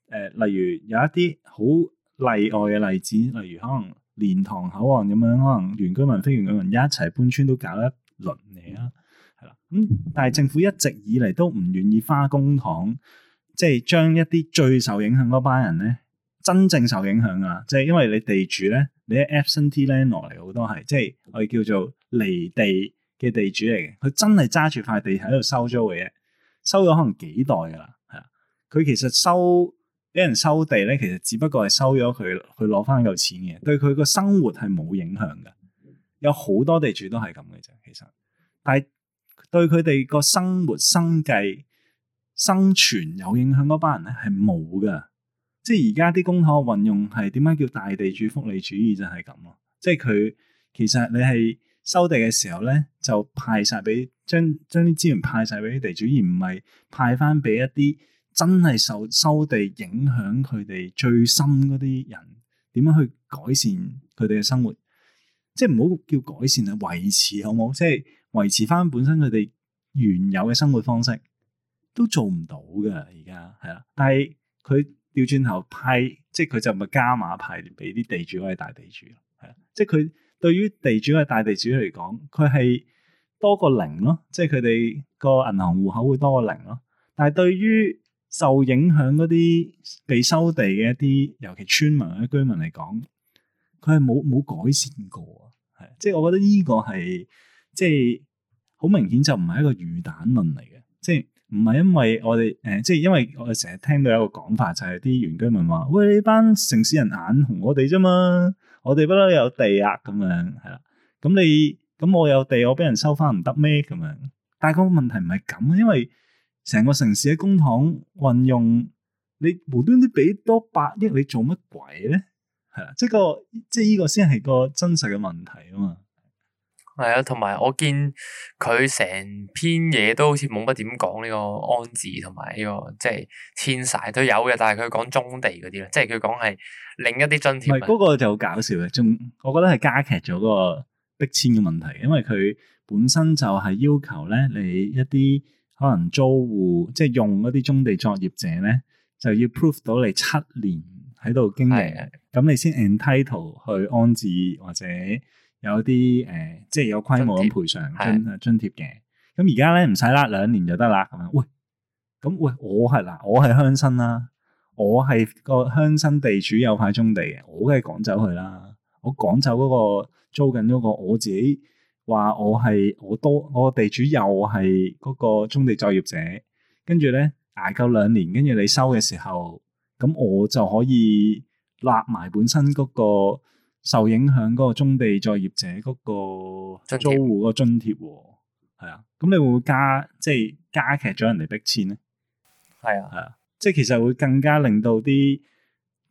呃，例如有一啲好例外嘅例子，例如可能蓮塘口岸咁樣，可能原居民非原居民一齊搬村都搞一輪嚟啦，係啦。咁、嗯、但係政府一直以嚟都唔願意花公帑，即係將一啲最受影響嗰班人咧。真正受影響啊，即係因為你地主咧，你喺 absentee land 落嚟好多係，即係我哋叫做離地嘅地主嚟嘅，佢真係揸住塊地喺度收租嘅啫，收咗可能幾代噶啦，係啊，佢其實收俾人收地咧，其實只不過係收咗佢，佢攞翻嚿錢嘅，對佢個生活係冇影響嘅，有好多地主都係咁嘅啫，其實，但係對佢哋個生活、生計、生存有影響嗰班人咧係冇嘅。即係而家啲公帑嘅運用係點解叫大地主福利主義就係咁咯。即係佢其實你係收地嘅時候咧，就派晒俾將將啲資源派晒俾啲地主，而唔係派翻俾一啲真係受收地影響佢哋最深嗰啲人，點樣去改善佢哋嘅生活？即係唔好叫改善啊，維持好冇？即係維持翻本身佢哋原有嘅生活方式都做唔到㗎。而家係啦，但係佢。掉轉頭派，即係佢就唔係加碼派俾啲地主嗰啲大地主咯，係啊！即係佢對於地主嗰啲大地主嚟講，佢係多個零咯，即係佢哋個銀行戶口會多個零咯。但係對於受影響嗰啲被收地嘅一啲，尤其村民啊、居民嚟講，佢係冇冇改善過啊！係，即係我覺得呢個係即係好明顯就唔係一個魚蛋論嚟嘅，即係。唔係因為我哋誒，即係因為我哋成日聽到有一個講法，就係啲原居民話：喂，你班城市人眼紅我哋啫嘛，我哋不嬲有地啊，咁樣係啦。咁你咁我有地，我俾人收翻唔得咩？咁樣，但係個問題唔係咁，因為成個城市嘅公帑運用，你無端啲俾多百億，你做乜鬼咧？係啦，即係個即係呢個先係個真實嘅問題啊嘛！係啊，同埋我見佢成篇嘢都好似冇乜點講呢個安置同埋呢個即係遷曬都有嘅，但係佢講中地嗰啲啦，即係佢講係另一啲津貼。唔係嗰個就好搞笑嘅，仲我覺得係加劇咗個逼遷嘅問題，因為佢本身就係要求咧，你一啲可能租戶即係用嗰啲中地作業者咧，就要 prove 到你七年喺度經營，咁你先 entitle 去安置或者。有啲誒、呃，即係有規模咁賠償津津貼嘅。咁而家咧唔使啦，兩年就得啦。咁樣，喂，咁喂，我係嗱，我係鄉紳啦，我係個鄉紳地主有派中地嘅，我梗係趕走佢啦。嗯、我趕走嗰、那個租緊嗰、那個，我自己話我係我多我地主又係嗰個中地作業者，跟住咧捱夠兩年，跟住你收嘅時候，咁我就可以立埋本身嗰、那個。受影響嗰個中地作業者嗰個租戶嗰個津貼喎，係啊貼，咁你會唔會加即係加劇咗人哋逼遷咧？係啊的，係啊，即係其實會更加令到啲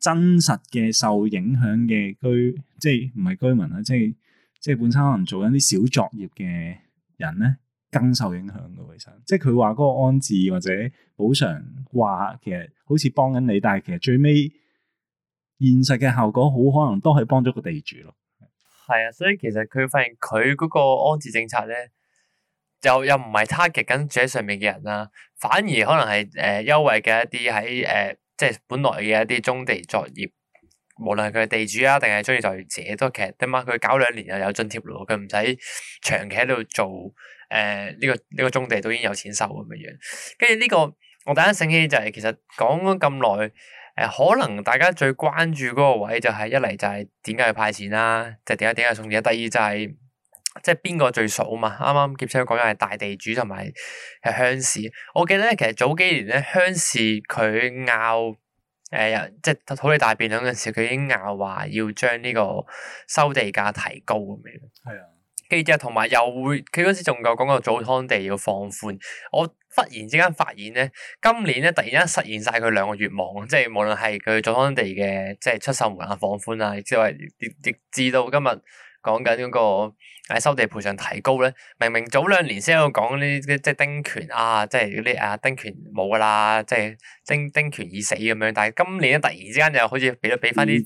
真實嘅受影響嘅居，即係唔係居民啊，即係即係本身可能做緊啲小作業嘅人咧，更受影響嘅。其實即係佢話嗰個安置或者補償話，其實好似幫緊你，但係其實最尾。現實嘅效果好可能都係幫咗個地主咯，係啊，所以其實佢發現佢嗰個安置政策咧，又又唔係 target 緊住喺上面嘅人啦，反而可能係誒、呃、優惠嘅一啲喺誒即係本來嘅一啲棕地作業，無論佢地主啊定係棕地作業者，都其實點啊，佢搞兩年又有津貼咯，佢唔使長期喺度做誒呢、呃呢個呢、呢個棕地都已經有錢收咁嘅樣。跟住呢個我第一醒起就係、是、其實講咗咁耐。誒可能大家最關注嗰個位就係一嚟就係點解要派錢啦，就點解點解送錢？第二就係即係邊個最傻嘛？啱啱劍青講緊係大地主同埋係鄉紳。我記得咧，其實早幾年咧，鄉紳，佢拗誒，即係土地大變兩陣時，佢已經拗話要將呢個收地價提高咁樣。係啊。記者同埋又會，佢嗰時仲夠講個早湯地要放寬，我忽然之間發現咧，今年咧突然間實現晒佢兩個願望，即係無論係佢早湯地嘅即係出售門額放寬啊，亦或亦至到今日。講緊嗰個誒，收地賠償提高咧，明明早兩年先有講呢啲，即係丁權啊，即係嗰啲啊丁權冇噶啦，即係丁丁權已死咁樣，但係今年咧突然之間又好似俾咗俾翻啲，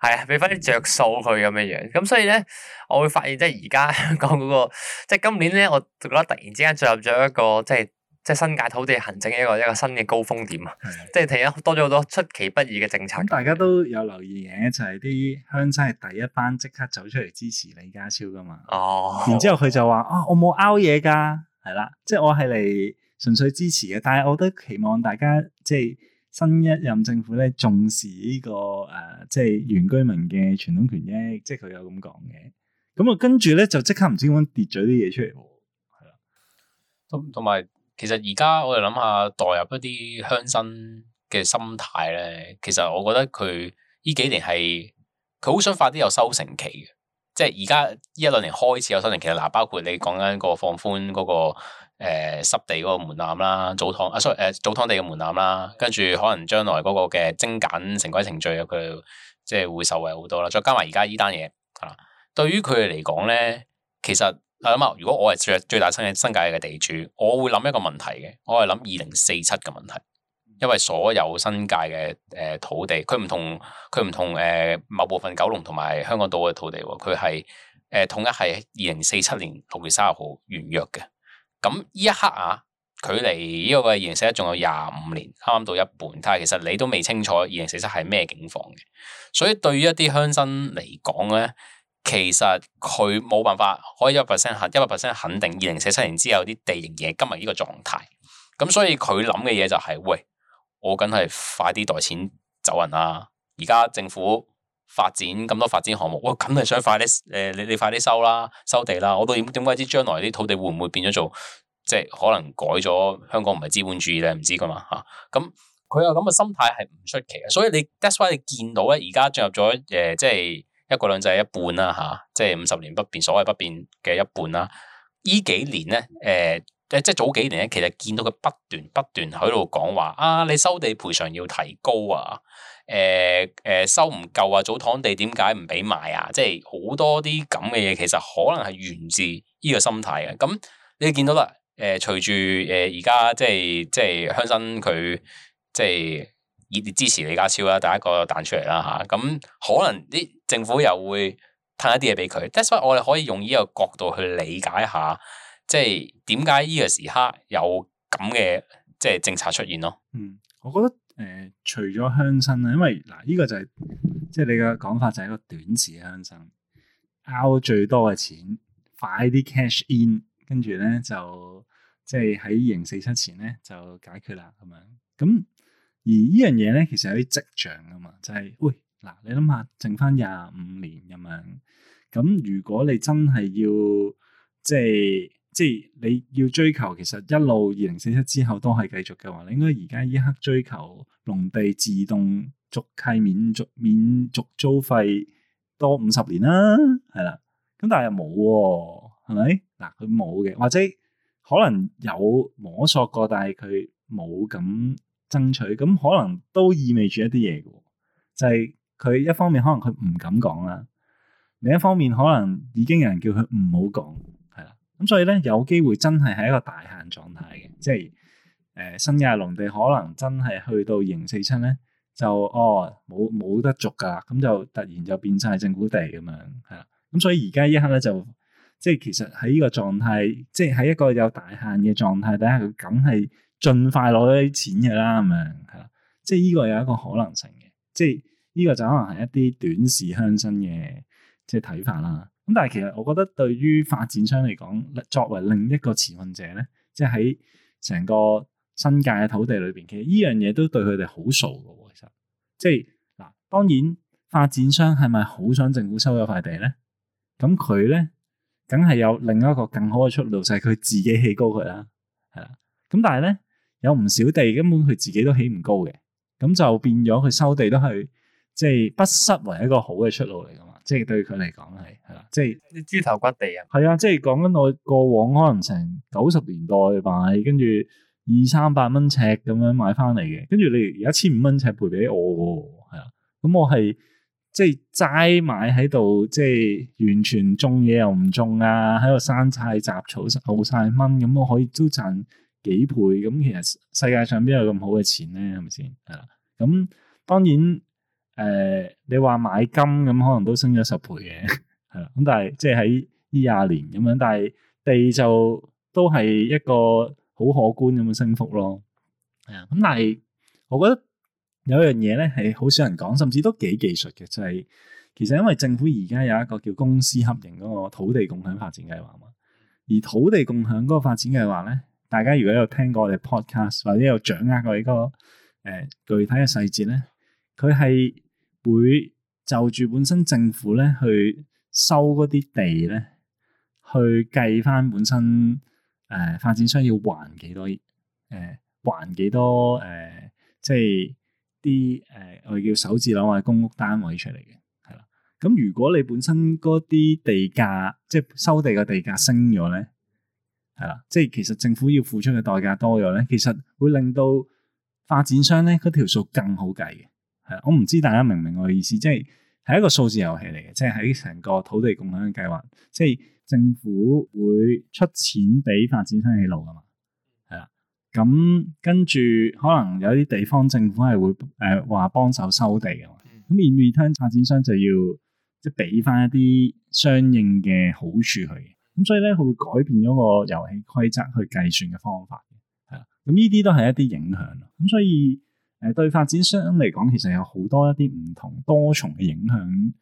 係啊俾翻啲着數佢咁樣樣，咁所以咧我會發現即係而家香港嗰個，即係今年咧，我就覺得突然之間進入咗一個即係。就是即係新界土地行政一個一個新嘅高峰點啊！的即係突然咗多咗好多出其不意嘅政策。咁、嗯、大家都有留意嘅，就係啲鄉親係第一班即刻走出嚟支持李家超噶嘛。哦。然之後佢就話啊，我冇勾嘢噶，係啦，即係我係嚟純粹支持嘅。但係我都期望大家即係新一任政府咧重視呢、這個誒，即、呃、係、就是、原居民嘅傳統權益，即係佢有咁講嘅。咁啊，跟住咧就即刻唔知點樣跌咗啲嘢出嚟，係啦，同同埋。其實而家我哋諗下代入一啲鄉紳嘅心態咧，其實我覺得佢呢幾年係佢好想快啲有收成期嘅，即係而家呢一兩年開始有收成期啦。嗱，包括你講緊個放寬嗰、那個誒濕、呃、地嗰個門檻啦，祖堂啊，sorry 誒祖堂地嘅門檻啦，跟住可能將來嗰個嘅精簡城規程序啊，佢即係會受惠好多啦。再加埋而家呢單嘢，對於佢哋嚟講咧，其實。諗啊！如果我係著最大新界新界嘅地主，我會諗一個問題嘅。我係諗二零四七嘅問題，因為所有新界嘅誒土地，佢唔同佢唔同誒某部分九龍同埋香港島嘅土地，佢係誒統一係二零四七年六月三十號完約嘅。咁呢一刻啊，距離呢個嘅二零四七仲有廿五年，啱啱到一半。但係其實你都未清楚二零四七係咩境況嘅，所以對於一啲鄉紳嚟講咧。其實佢冇辦法可以一百 percent 肯，一百 percent 肯定二零四七年之後啲地仍然係今日呢個狀態。咁所以佢諗嘅嘢就係，喂，我梗係快啲袋錢走人啦。而家政府發展咁多發展項目，我梗係想快啲，誒，你你快啲收啦，收地啦。我到點點解知將來啲土地會唔會變咗做，即係可能改咗香港唔係資本主義咧，唔知噶嘛吓。咁、啊、佢有咁嘅心態係唔出奇嘅，所以你 that's why 你見到咧，而家進入咗，誒、呃、即係。一國兩制一半啦嚇，即係五十年不變，所謂不變嘅一半啦。依幾年咧，誒、呃、即係早幾年咧，其實見到佢不斷不斷喺度講話啊，你收地賠償要提高啊，誒、呃、誒、呃，收唔夠啊，祖堂地點解唔俾賣啊？即係好多啲咁嘅嘢，其實可能係源自呢個心態嘅。咁、嗯、你見到啦，誒、呃，隨住誒而家即係即係鄉紳佢即係。熱烈支持李家超啦，第一個彈出嚟啦嚇，咁可能啲政府又會攤一啲嘢俾佢。即係所以我哋可以用呢個角度去理解下，即係點解呢個時刻有咁嘅即係政策出現咯。嗯，我覺得誒、呃，除咗鄉紳啊，因為嗱呢、呢個就係即係你嘅講法就係一個短視嘅鄉紳，撈最多嘅錢，快啲 cash in，跟住咧就即係喺二零四七前咧就解決啦咁樣。咁而呢樣嘢咧，其實有啲跡象噶嘛，就係喂，嗱，你諗下，剩翻廿五年咁樣，咁如果你真係要，即係即係你要追求，其實一路二零四七之後都係繼續嘅話，你應該而家依刻追求農地自動續契免續免續租費多五十年啦，係啦，咁但係又冇，係咪？嗱，佢冇嘅，或者可能有摸索過，但係佢冇咁。爭取咁可能都意味住一啲嘢嘅，就係、是、佢一方面可能佢唔敢講啦，另一方面可能已經有人叫佢唔好講，係啦。咁所以咧有機會真係喺一個大限狀態嘅，即係誒、呃、新界農地可能真係去到零四七咧，就哦冇冇得續㗎啦，咁就突然就變晒政府地咁樣，係啦。咁所以而家一刻咧就即係其實喺呢個狀態，即係喺一個有大限嘅狀態底下，佢梗係。盡快攞到啲錢嘅啦，咁樣係啦，即係呢個有一個可能性嘅，即係呢個就可能係一啲短視鄉紳嘅即係睇法啦。咁但係其實我覺得對於發展商嚟講，作為另一個持份者咧，即係喺成個新界嘅土地裏邊，其實呢樣嘢都對佢哋好傻㗎喎。其實，即係嗱，當然發展商係咪好想政府收咗塊地咧？咁佢咧，梗係有另一個更好嘅出路，就係佢自己起高佢啦，係啦。咁但係咧。有唔少地根本佢自己都起唔高嘅，咁就變咗佢收地都係即係不失為一個好嘅出路嚟噶嘛，即係對佢嚟講係，即係豬頭骨地啊，係啊，即係講緊我過往可能成九十年代買，跟住二三百蚊尺咁樣買翻嚟嘅，跟住你有一千五蚊尺賠俾我喎，係啊，咁我係即係齋買喺度，即係完全種嘢又唔種啊，喺度生菜雜草好晒蚊，咁我可以都賺幾倍咁？其實世界上邊有咁好嘅錢咧？係咪先係啦？咁當然誒、呃，你話買金咁，可能都升咗十倍嘅係啦。咁但係即係喺呢廿年咁樣，但係地就都係一個好可觀咁嘅升幅咯。係啊，咁但係我覺得有一樣嘢咧係好少人講，甚至都幾技術嘅，就係、是、其實因為政府而家有一個叫公私合營嗰個土地共享發展計劃嘛，而土地共享嗰個發展計劃咧。大家如果有聽過我哋 podcast，或者有掌握過呢、這個誒、呃、具體嘅細節咧，佢係會就住本身政府咧去收嗰啲地咧，去計翻本身誒、呃、發展商要還幾多誒、呃、還幾多誒、呃，即係啲誒我哋叫首置樓或者公屋單位出嚟嘅，係啦。咁如果你本身嗰啲地價，即係收地嘅地價升咗咧，係啦，即係其實政府要付出嘅代價多咗咧，其實會令到發展商咧嗰條數更好計嘅。係啊，我唔知大家明唔明我嘅意思，即係係一個數字遊戲嚟嘅，即係喺成個土地共享嘅計劃，即係政府會出錢俾發展商起路噶嘛，係啦。咁跟住可能有啲地方政府係會誒話、呃、幫手收地噶嘛，咁意味聽發展商就要即係俾翻一啲相應嘅好處佢。咁所以咧，佢會改變咗個遊戲規則去計算嘅方法嘅，係啦的。咁呢啲都係一啲影響啦。咁、嗯、所以，誒、呃、對發展商嚟講，其實有好多一啲唔同多重嘅影響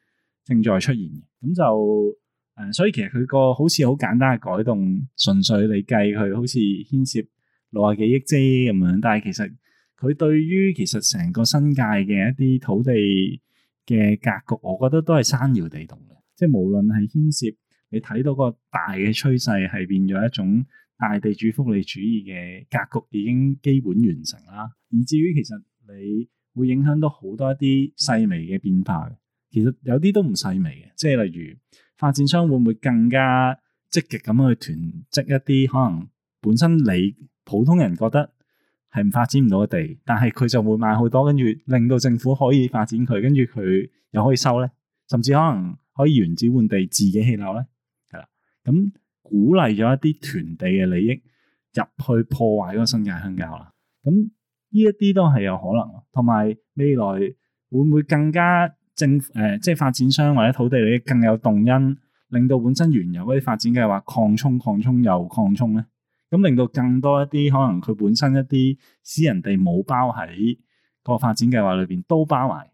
正在出現嘅。咁、嗯、就誒、呃，所以其實佢個好似好簡單嘅改動，純粹你計佢好似牽涉六十幾億啫咁樣，但係其實佢對於其實成個新界嘅一啲土地嘅格局，我覺得都係山搖地動嘅，即係無論係牽涉。你睇到個大嘅趨勢係變咗一種大地主福利主義嘅格局已經基本完成啦。以至於其實你會影響到好多一啲細微嘅變化。其實有啲都唔細微嘅，即係例如發展商會唔會更加積極咁去囤積一啲可能本身你普通人覺得係唔發展唔到嘅地，但係佢就會買好多，跟住令到政府可以發展佢，跟住佢又可以收咧，甚至可能可以原址換地自己起樓咧。咁、嗯、鼓勵咗一啲囤地嘅利益入去破壞嗰個新界鄉郊啦，咁呢一啲都係有可能，同埋未來會唔會更加政誒、呃，即係發展商或者土地利益更有動因，令到本身原有嗰啲發展計劃擴充、擴充，擴充又擴充咧，咁、嗯、令到更多一啲可能佢本身一啲私人地冇包喺個發展計劃裏邊都包埋，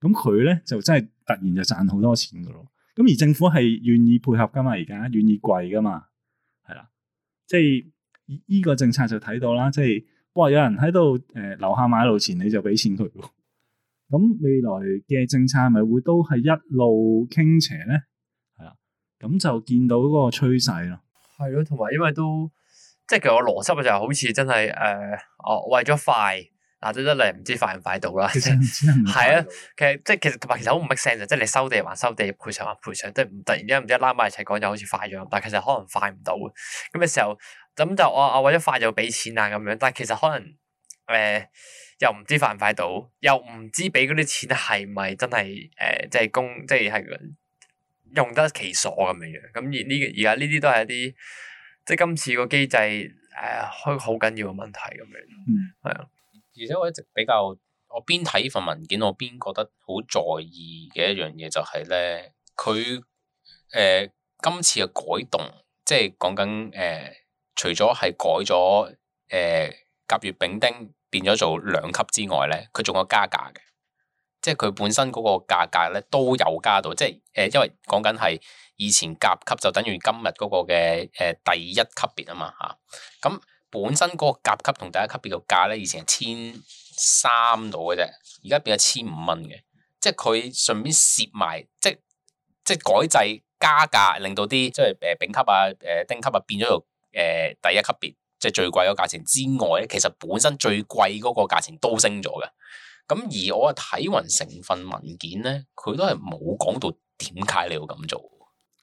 咁佢咧就真係突然就賺好多錢噶咯。咁而政府係願意配合噶嘛？而家願意跪噶嘛？係啦，即係依、這個政策就睇到啦。即係哇，有人喺度誒留下買路錢你就俾錢佢喎。咁未來嘅政策咪會都係一路傾斜咧？係啊，咁就見到嗰個趨勢咯。係咯，同埋因為都即係其實個邏輯就係好似真係誒，哦、呃、為咗快。啊！ 即係嚟唔知快唔快到啦，係啊，其實即係其實同埋其實好唔 make sense，即係你收地還收地，賠償還賠償，即係突然之間唔知拉埋一齊講，就好似快咗，但係其實可能快唔到嘅。咁嘅時候，咁就我我、哦、為咗快就俾錢啊咁樣，但係其實可能誒又唔知快唔快到，又唔知俾嗰啲錢係咪真係誒即係公即係係用得其所咁、呃、樣。咁而呢而家呢啲都係一啲即係今次個機制誒，開好緊要嘅問題咁樣，係啊。而且我一直比較，我邊睇呢份文件，我邊覺得好在意嘅一樣嘢就係、是、咧，佢誒、呃、今次嘅改動，即係講緊誒，除咗係改咗誒、呃、甲乙丙丁變咗做兩級之外咧，佢仲有加價嘅，即係佢本身嗰個價格咧都有加到，即係誒、呃，因為講緊係以前甲級就等於今日嗰個嘅誒、呃、第一級別嘛啊嘛嚇，咁。本身嗰個甲級同第一級別嘅價咧，以前係千三度嘅啫，而家變咗千五蚊嘅，即係佢順便蝕埋，即係即係改制加價，令到啲即係誒丙級啊、誒、呃、丁級啊變咗做誒第一級別，即係最貴嗰個價錢之外咧，其實本身最貴嗰個價錢都升咗嘅。咁而我啊睇勻成分文件咧，佢都係冇講到點解你要咁做。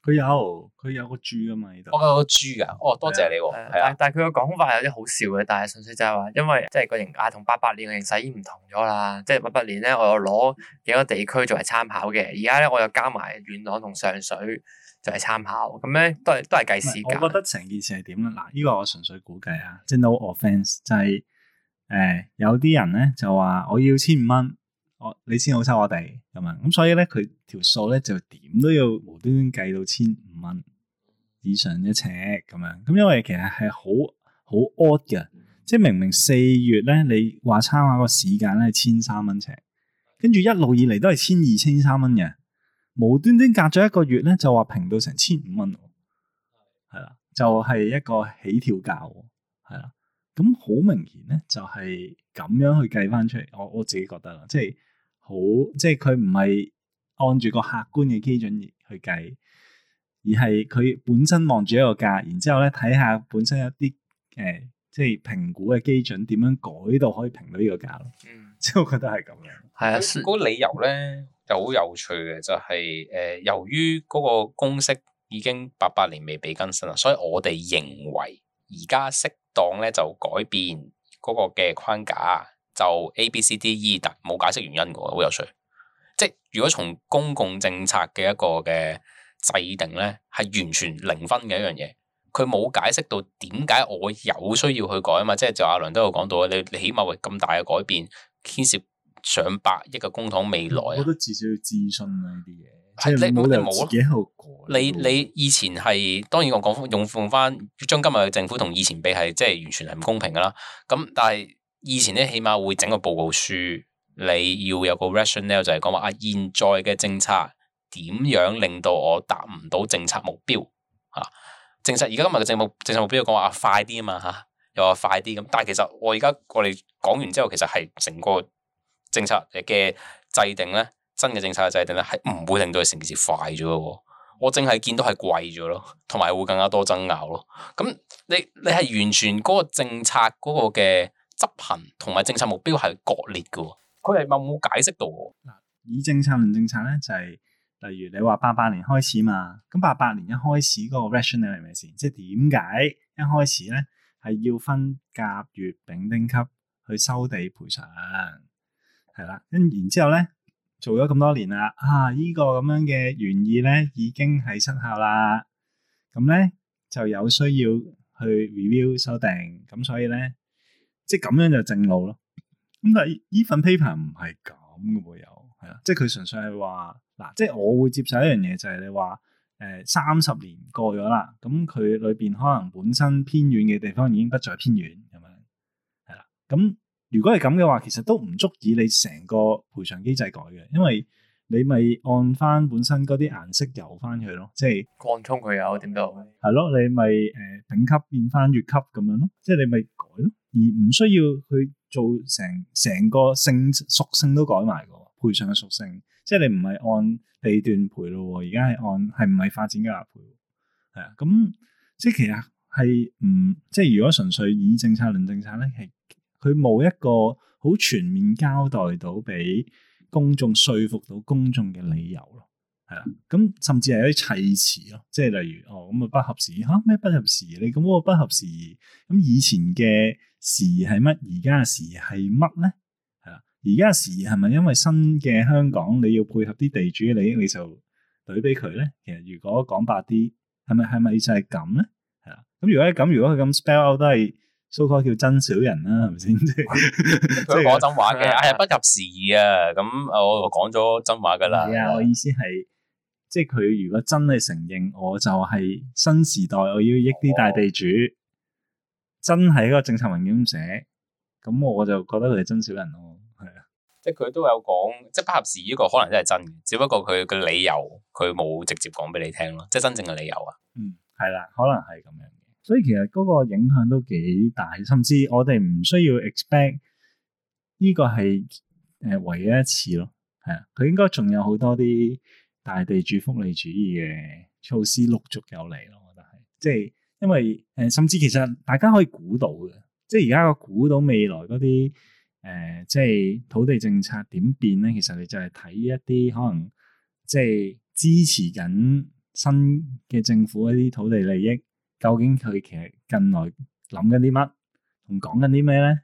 佢有佢有個豬、哦哦、啊嘛、啊、呢度，我有個豬噶，哦，多謝你喎。但但佢個講法係有啲好笑嘅，但係純粹就係話，因為即係個型態同八八年嘅形勢已經唔同咗啦。即係八八年咧，我又攞幾個地區作為參考嘅，而家咧我又加埋元朗同上水作為參考，咁咧都係都係計時間。我覺得成件事係點咧？嗱，呢、這個我純粹估計啊，即、就、係、是、no offence，就係、是、誒、呃、有啲人咧就話我要千五蚊。你先好收我哋咁樣，咁所以咧佢條數咧就點都要無端端計到千五蚊以上一尺咁樣，咁因為其實係好好 odd 嘅，即係明明四月咧你話差價個時間咧係千三蚊尺，跟住一路以嚟都係千二千三蚊嘅，無端端隔咗一個月咧就話平到成千五蚊，係啦，就係一個起跳價，係啦，咁好明顯咧就係咁樣去計翻出嚟，我我自己覺得啦，即係。好，即係佢唔係按住個客觀嘅基準去計，而係佢本身望住一個價，然之後咧睇下本身一啲誒、呃，即係評估嘅基準點樣改到可以評到呢個價咯。嗯，即係我覺得係咁樣。係啊，嗰、嗰個理由咧就好有趣嘅，就係、是、誒、呃，由於嗰個公式已經八八年未被更新啦，所以我哋認為而家適當咧就改變嗰個嘅框架。就 A、B、C、D、E 等冇解釋原因嘅喎，好有趣。即係如果從公共政策嘅一個嘅制定呢，係完全零分嘅一樣嘢，佢冇解釋到點解我有需要去改啊嘛。即係就阿、啊、倫都有講到你你起碼會咁大嘅改變，牽涉上百億嘅公帑，未來我覺得至少要諮詢啊呢啲嘢。係的你冇理由自己喺度改。你你以前係當然我講用用翻，將今日嘅政府同以前比係即係完全係唔公平㗎啦。咁但係。以前咧，起碼會整個報告書，你要有個 rationale 就係講話啊，現在嘅政策點樣令到我達唔到政策目標啊？政策而家今日嘅政目政策目標講話啊，快啲啊嘛嚇，又話快啲咁。但係其實我而家過嚟講完之後，其實係成個政策嘅制定咧，真嘅政策嘅制定咧，係唔會令到成件事快咗喎。我淨係見到係貴咗咯，同埋會更加多爭拗咯。咁你你係完全嗰個政策嗰個嘅。執行同埋政策目標係割裂嘅，佢哋冇解釋到？嗱，以政策論政策咧，就係、是、例如你話八八年開始嘛，咁八八年一開始嗰個 rationale 係咪先？即係點解一開始咧係要分甲、乙、丙、丁級去收地賠償係啦，跟然之後咧做咗咁多年啦，啊，呢、這個咁樣嘅原意咧已經係失效啦，咁咧就有需要去 review 修訂。咁所以咧。即係咁樣就正路咯。咁但係呢份 paper 唔係咁嘅，會有，係啦。即係佢純粹係話嗱，即係我會接受一樣嘢就係、是、你話誒三十年過咗啦，咁、嗯、佢裏邊可能本身偏遠嘅地方已經不再偏遠咁樣係啦。咁、嗯、如果係咁嘅話，其實都唔足以你成個賠償機製改嘅，因為你咪按翻本身嗰啲顏色由翻佢咯，即係降衝佢有點到係咯。你咪誒丙級變翻乙級咁樣咯，即係你咪改咯。而唔需要去做成成個性屬性都改埋個賠償嘅屬性，即係你唔係按地段賠咯，而家係按係唔係發展嘅額賠，係啊，咁即係其實係唔即係如果純粹以政策論政策咧，係佢冇一個好全面交代到俾公眾，說服到公眾嘅理由咯，係啊，咁甚至係有啲砌詞咯，即係例如哦咁啊不合時吓，咩、啊、不合時，你咁嗰個不合時，咁以前嘅。時係乜？而家嘅時係乜咧？係啦，而家嘅時係咪因為新嘅香港你要配合啲地主嘅利益，你就隊俾佢咧？其實如果講白啲，係咪係咪就係咁咧？係啊，咁如果咁，如果佢咁 spell out 都係 so call 叫真小人啦，係咪先？即係佢講真話嘅，哎呀、 啊，不合時宜啊！咁我講咗真話㗎啦。係啊，我意思係，啊、即係佢如果真係承認，我就係新時代，我要益啲大地主。哦真係嗰個政策文件咁寫，咁我就覺得佢哋真小人咯，係啊。即係佢都有講，即係不合時呢個可能真係真嘅，只不過佢嘅理由佢冇直接講俾你聽咯，即係真正嘅理由啊。嗯，係啦，可能係咁樣嘅。所以其實嗰個影響都幾大，甚至我哋唔需要 expect 呢個係誒唯一一次咯，係啊。佢應該仲有好多啲大地主福利主義嘅措施陸續有嚟咯，我覺得係，即係。因為誒、呃，甚至其實大家可以估到嘅，即係而家我估到未來嗰啲誒，即係土地政策點變咧？其實你就係睇一啲可能，即係支持緊新嘅政府嗰啲土地利益，究竟佢其實近來諗緊啲乜，同講緊啲咩咧，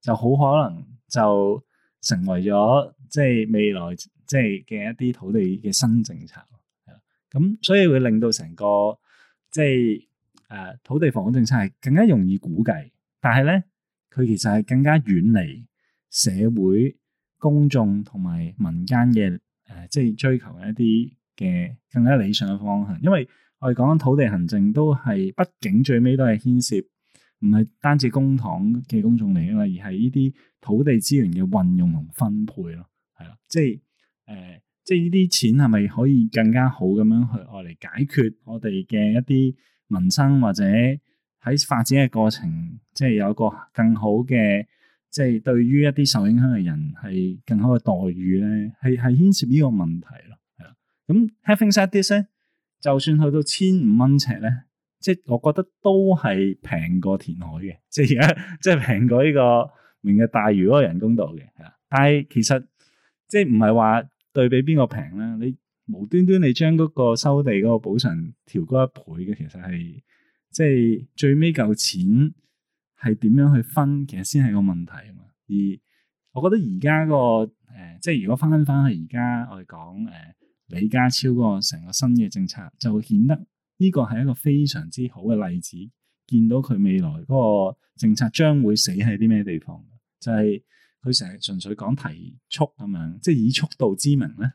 就好可能就成為咗即係未來即係嘅一啲土地嘅新政策。係、嗯、啦，咁所以會令到成個即係。誒、啊、土地房屋政策係更加容易估計，但係咧，佢其實係更加遠離社會公眾同埋民間嘅誒，即係追求一啲嘅更加理想嘅方向。因為我哋講土地行政都係，畢竟最尾都係牽涉唔係單止公帑嘅公眾嚟啊嘛，而係呢啲土地資源嘅運用同分配咯，係啦，即係誒、呃，即係呢啲錢係咪可以更加好咁樣去嚟解決我哋嘅一啲？民生或者喺發展嘅過程，即係有個更好嘅，即係對於一啲受影響嘅人係更好嘅待遇咧，係係牽涉呢個問題咯，係啦。咁 Having said this 咧，就算去到千五蚊尺咧，即係我覺得都係平過填海嘅，即係而家即係平過呢個明日大嶼嗰個人工島嘅，係啦。但係其實即係唔係話對比邊個平啦，你？無端端你將嗰個收地嗰個補償調高一倍嘅，其實係即係最尾嚿錢係點樣去分，其實先係個問題啊嘛。而我覺得而家、嗰個誒、呃，即係如果翻翻去而家我哋講誒李家超嗰個成個新嘅政策，就會顯得呢個係一個非常之好嘅例子，見到佢未來嗰個政策將會死喺啲咩地方？就係佢成日純粹講提速咁樣，即係以速度之名咧。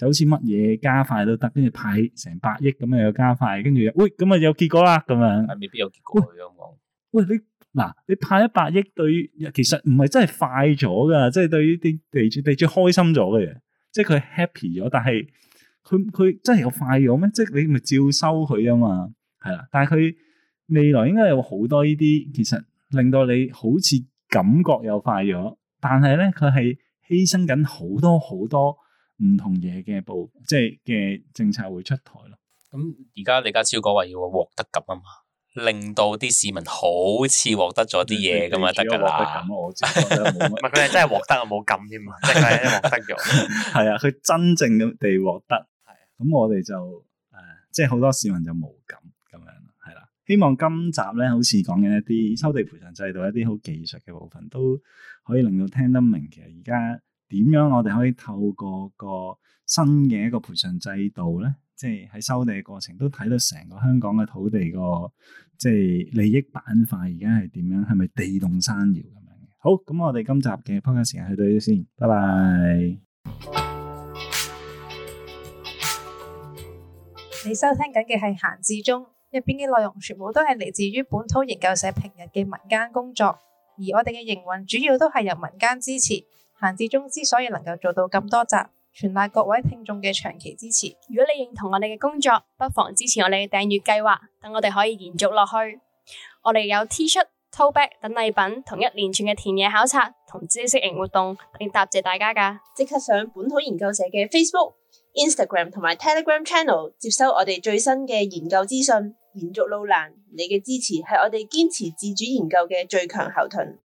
就好似乜嘢加快都得，跟住派成百億咁啊，又加快，跟住喂咁啊有結果啦咁樣，未必有結果嘅有冇？喂，樣喂你嗱，你派一百億對於其實唔係真係快咗噶、即係，即係對於啲地主地主開心咗嘅嘢，即係佢 happy 咗。但係佢佢真係有快咗咩？即係你咪照收佢啊嘛，係啦。但係佢未來應該有好多呢啲，其實令到你好似感覺又快咗，但係咧佢係犧牲緊好多好多。唔同嘢嘅部，即係嘅政策會出台咯。咁而家李家超講話要獲得感啊嘛，令到啲市民好似獲得咗啲嘢咁啊得噶啦。唔係佢哋真係獲得啊冇感添嘛？即係獲得咗。係啊，佢真正咁地獲得。係咁 我哋就誒，即係好多市民就冇感咁樣啦，係啦。希望今集咧，好似講緊一啲收地補償制度一啲好技術嘅部分，都可以令到聽得明。其實而家。點樣我哋可以透過個新嘅一個賠償制度咧，即係喺收地過程都睇到成個香港嘅土地個即係利益板塊，而家係點樣？係咪地動山搖咁樣嘅？好，咁我哋今集嘅 Podcast 時間去到呢度先，拜拜。你收聽緊嘅係閒置中入邊嘅內容，全部都係嚟自於本土研究社平日嘅民間工作，而我哋嘅營運主要都係由民間支持。閒置中之所以能夠做到咁多集，全賴各位聽眾嘅長期支持。如果你認同我哋嘅工作，不妨支持我哋嘅訂閱計劃，等我哋可以延續落去。我哋有 T 恤、tote bag 等禮品，同一連串嘅田野考察同知識型活動，並答謝大家噶。即刻上本土研究社嘅 Facebook、Instagram 同埋 Telegram Channel 接收我哋最新嘅研究資訊，延續路難，你嘅支持係我哋堅持自主研究嘅最強後盾。